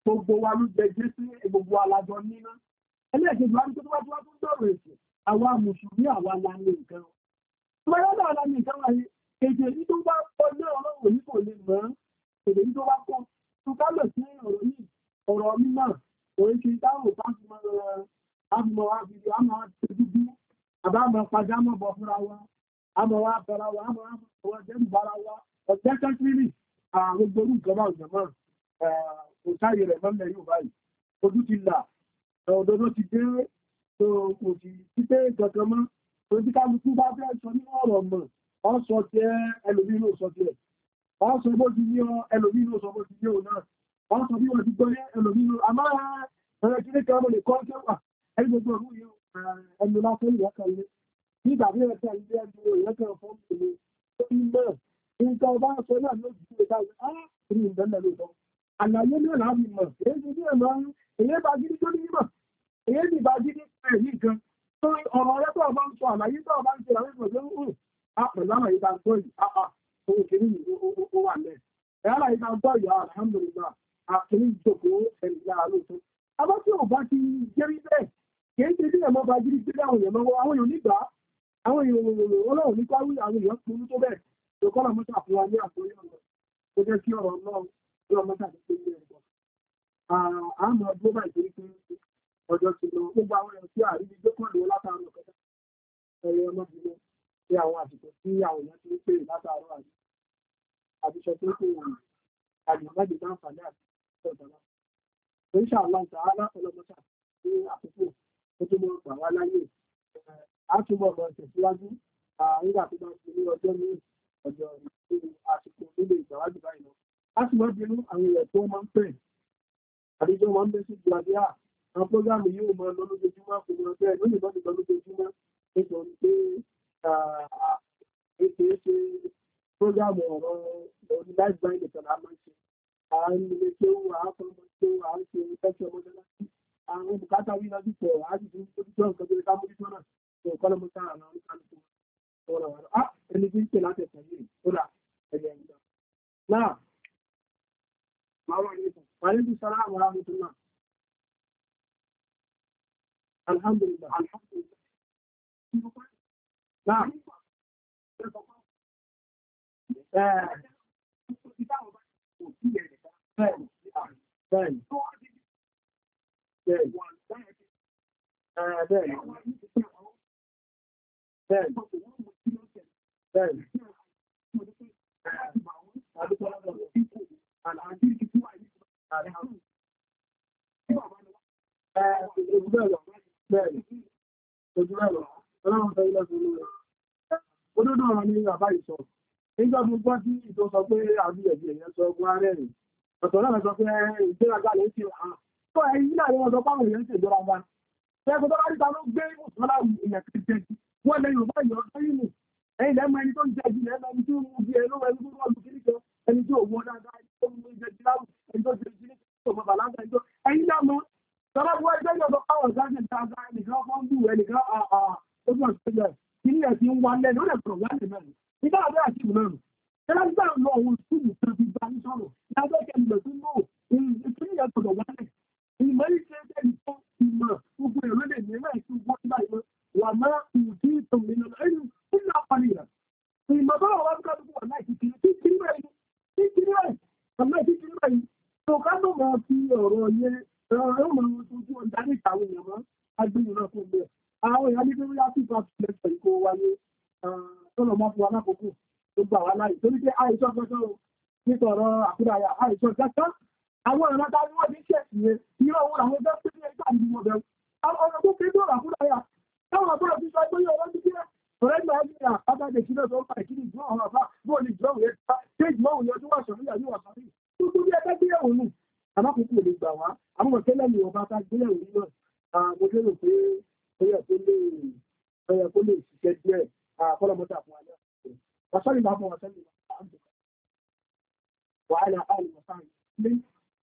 gbogbo wa ló jẹ jésù gbogbo alájọ níná ẹlẹ́ẹ̀kejì wa ní tó wá tó wá tó ń dọ̀rọ̀ èsì àwa mùsùlùmí àwa la ní nǹkan tó bá yọ náà la ní nǹkan wáyé èdè yìí tó bá kọ ní ọ̀rọ̀ òní kò lè mọ̀ èdè yìí tó bá kọ tó ká lọ sí ọ̀rọ̀ yìí ọ̀rọ̀ mímọ̀ òun ṣe dáhùn bá fi mọ àmọ́ àfi àmọ́ àti dúdú àbámọ̀ padà mọ̀ bọ̀ fúnra wa àmọ̀ wa bọ̀ra wa àmọ̀ wa jẹ́ ìbára wa ọ̀jẹ́ kẹ́kìrì àwọn gbogbo nǹkan bá òjòmọ́ kò sáyè rẹ̀ mọ́lẹ̀ yóò báyìí ojú ti là òdodo ti dé tó kò sì títẹ́ kankan mọ́ tó ti kálukú bá fẹ́ sọ ní ọ̀rọ̀ mọ̀ ọ́ sọ tiẹ̀ ẹlòmí ló sọ tiẹ̀ ọ́ sọ bó ti ní ọ ẹlòmí ló sọ bó ti ní ọ náà ọ́ sọ bí wọ́n ti gbọ́ yẹ ẹnu lásán ìyẹ́kọ̀ ilé nígbà bí ẹ̀kọ́ ilé ẹnu ìyẹ́kọ̀ fún ìlú tó ń bẹ̀rẹ̀ nǹkan ọba sọ náà ló jù ú báyìí á rí ìdánlẹ̀ lóòótọ́ àlàyé náà láàbì mọ̀ èyí ti bí ẹ̀mọ́ èyí bá gidi tó ní mọ̀ èyí ti bá gidi ẹ̀yìn kan tó ọ̀rọ̀ rẹ tó ọba ń sọ àlàyé tó ọba ń sọ àwọn ìgbà tó ń hù á pẹ̀lú àmọ̀ ìta gbọ́ yìí á òun kìíní yìí wà lẹ̀ ẹ̀ àlàyé ta gbọ́ yìí alhamdulillah àkìní ìjókòó ẹ̀yìn kìí ṣe bí ẹ̀mọ́ bá jírí gbé àwọn èèyàn mọ́wọ́ àwọn èèyàn nígbà àwọn èèyàn òwòrò ọlọ́run nípa wí àwọn èèyàn pinnu tó bẹ̀ tó kọ́ lọ́mọ́ta fún wa ní àkórí ọ̀rọ̀ tó jẹ́ kí ọ̀rọ̀ náà tí ọmọta ti pé ní ẹ̀kọ́. àmọ́ ọdún bá ìdílé pé ọjọ́ ti lọ gbogbo àwọn èèyàn tí àríwí gbẹ́kọ̀ọ́ látàárọ̀ kọjá ẹ̀rọ ọmọbìnrin tí àwọn àsìkò tí àwọn èèyàn ti ń pè látàárọ̀ àti àbíṣọ tó kò wọ̀nyí àgbàgbàgbé náà fàdé àti ọ̀dọ́ náà. oríṣà aláǹtà aláfọlọmọta ní àkókò ó tó mọ́ gbà wá láyè a tún mọ̀ mọ́ tẹ̀síwájú nígbà tó bá ti ní ọjọ́ ní ọjọ́ àsìkò nílé ìgbàwájú báyìí lọ. a sì wọ́n bínú àwọn èèyàn tó máa ń pẹ̀ àdéjọ́ wọn ń bẹ́ sí gbàdíà àwọn prógámù yóò máa lọ lójoojúmọ́ kò mọ̀ bẹ́ẹ̀ lónìí lọ́dún lọ lójoojúmọ́ nítorí pé ètò ètò prógámù ọ̀rọ̀ orí láìpẹ́ ìdìtọ̀ là á máa ń ṣe à ń lè tó wà á fọmọ tó wà látàrí lọ́dún tẹ̀ á sì tún tó tọ́ nǹkan tó lè ká mójú tó náà tó kọ́ lọ́mọ sáà náà ní kálukú ọ̀rọ̀ ọ̀rọ̀ á ẹni tí ń tẹ̀ láti ẹ̀sẹ̀ yìí ó là ẹ̀yẹ ẹ̀yẹ. náà máa wà nípa wàlẹ́ bí sọ́lá àwọn ará tuntun náà. alhamdulillah alhamdulillah. náà ẹ̀ẹ́ bẹ́ẹ̀ bẹ́ẹ̀ bẹ́ẹ̀ Bẹ́ẹ̀ni. Bẹ́ẹ̀ni. Bẹ́ẹ̀ni. Odódó ọ̀rọ̀ ni bàbá ìsọ̀. Nígbà tó gbọ́ sí ìtò sọ pé àbí ẹ̀bí ẹ̀yẹn sọ ọgbọ́n arẹ́rìn. Ọ̀tọ̀ náà sọ Ṣẹ́gun tó bá rí ta ló gbé ìwòsàn láwùjọ ìyẹn ti jẹ jù. Wọ́n lẹ Yorùbá yọ̀ ọ́ sẹ́yìn nù. Ẹ̀yin lẹ́mọ ẹni tó ń jẹ jù lẹ́mọ ẹni tó ń mu bí ẹ ló wẹ̀ ló wọ́n lu kiri kan. Ẹni tí òun dáadáa ẹni tó ń mu jẹ jù láwù ẹni tó jẹ jù ní ọmọ bàlágà ẹni tó. Ẹ̀yin lẹ́mọ sọ́dọ̀ bí wọ́n jẹ́ yọ̀dọ̀ káwọn sáfẹ̀ dáadáa ẹnìkan fọ́n bù ẹnìkan ojú ọ̀sẹ̀ kìíní ẹ̀ ti ń wa lẹ́nu ó lè sọ̀rọ̀ wá lè mẹ́rin. Nígbà àbẹ́ àti ìlú mẹ́rin. Ṣẹlá ń gbà lọ òun sùúrù kan fi gba ní sọ̀rọ̀. Ní abẹ́ kẹ́mi lè tún lò. Ìkíní yẹn sọ̀rọ̀ wá lẹ̀ ìmọ̀ ìṣẹ́jẹ́ ìfọ́ ìmọ̀ gbogbo èrò lè ní ẹ̀rọ ìṣú wọ́n bá ìmọ̀ wà má ìdí ìtàn mi lọ́nà ẹ̀yìn tí ń lọ parí rẹ̀. ìmọ̀ bá wà wá bí káàdùkú wà láì kìkiri tí kiri báyìí tí kiri báyìí ọ̀nà tí kiri báyìí. tó ká ló máa fi ọ̀rọ̀ yẹn ọ̀rọ̀ máa ń tọ́jú ọ̀dà ní ìtàwọn èèyàn mọ́ agbóhùn náà fún bẹ́ẹ̀. àwọn èèyàn ní bíbélì àti ìfà fìlẹ̀sẹ̀ ìkó wáyé tọ́lọ̀ máa fún wa lákòókò tó àwọn ọ̀nà ta ni wọ́n ti ń ṣẹ̀sì yẹn irọ́ wọn àwọn ọjọ́ pé ní ẹgbẹ́ àti ìmọ̀ bẹ̀rù ọ̀nà tó fi dọ̀rọ̀ àkúrà yà táwọn àbúrò ti sọ pé yóò wọ́n ti kíra ọ̀rẹ́ ìgbà ẹgbẹ́ yà bàbá ẹgbẹ́ kí lọ́sọ̀ ọ̀pá ìkíni ìgbọ́n àwọn àbá bóòlù ìgbọ́n òye ta ṣé ìgbọ́n òye ọdún wà sọ̀rọ̀ yàrá wà sọ̀rọ̀ tuntun bí ẹgbẹ́ gbéyàwó nù àbákùnkùn ò lè gbà wá àwọn ọ̀tẹ́lẹ̀ ni ọba ta gbéyàwó nù náà mo lérò pé ẹyẹ tó lè ẹyẹ tó lè ṣiṣẹ́ díẹ̀ àkọlọmọta fún wa náà wàsálì máa bọ̀ wàsálì máa bọ̀ wàhálà àlùmọ̀sáàlì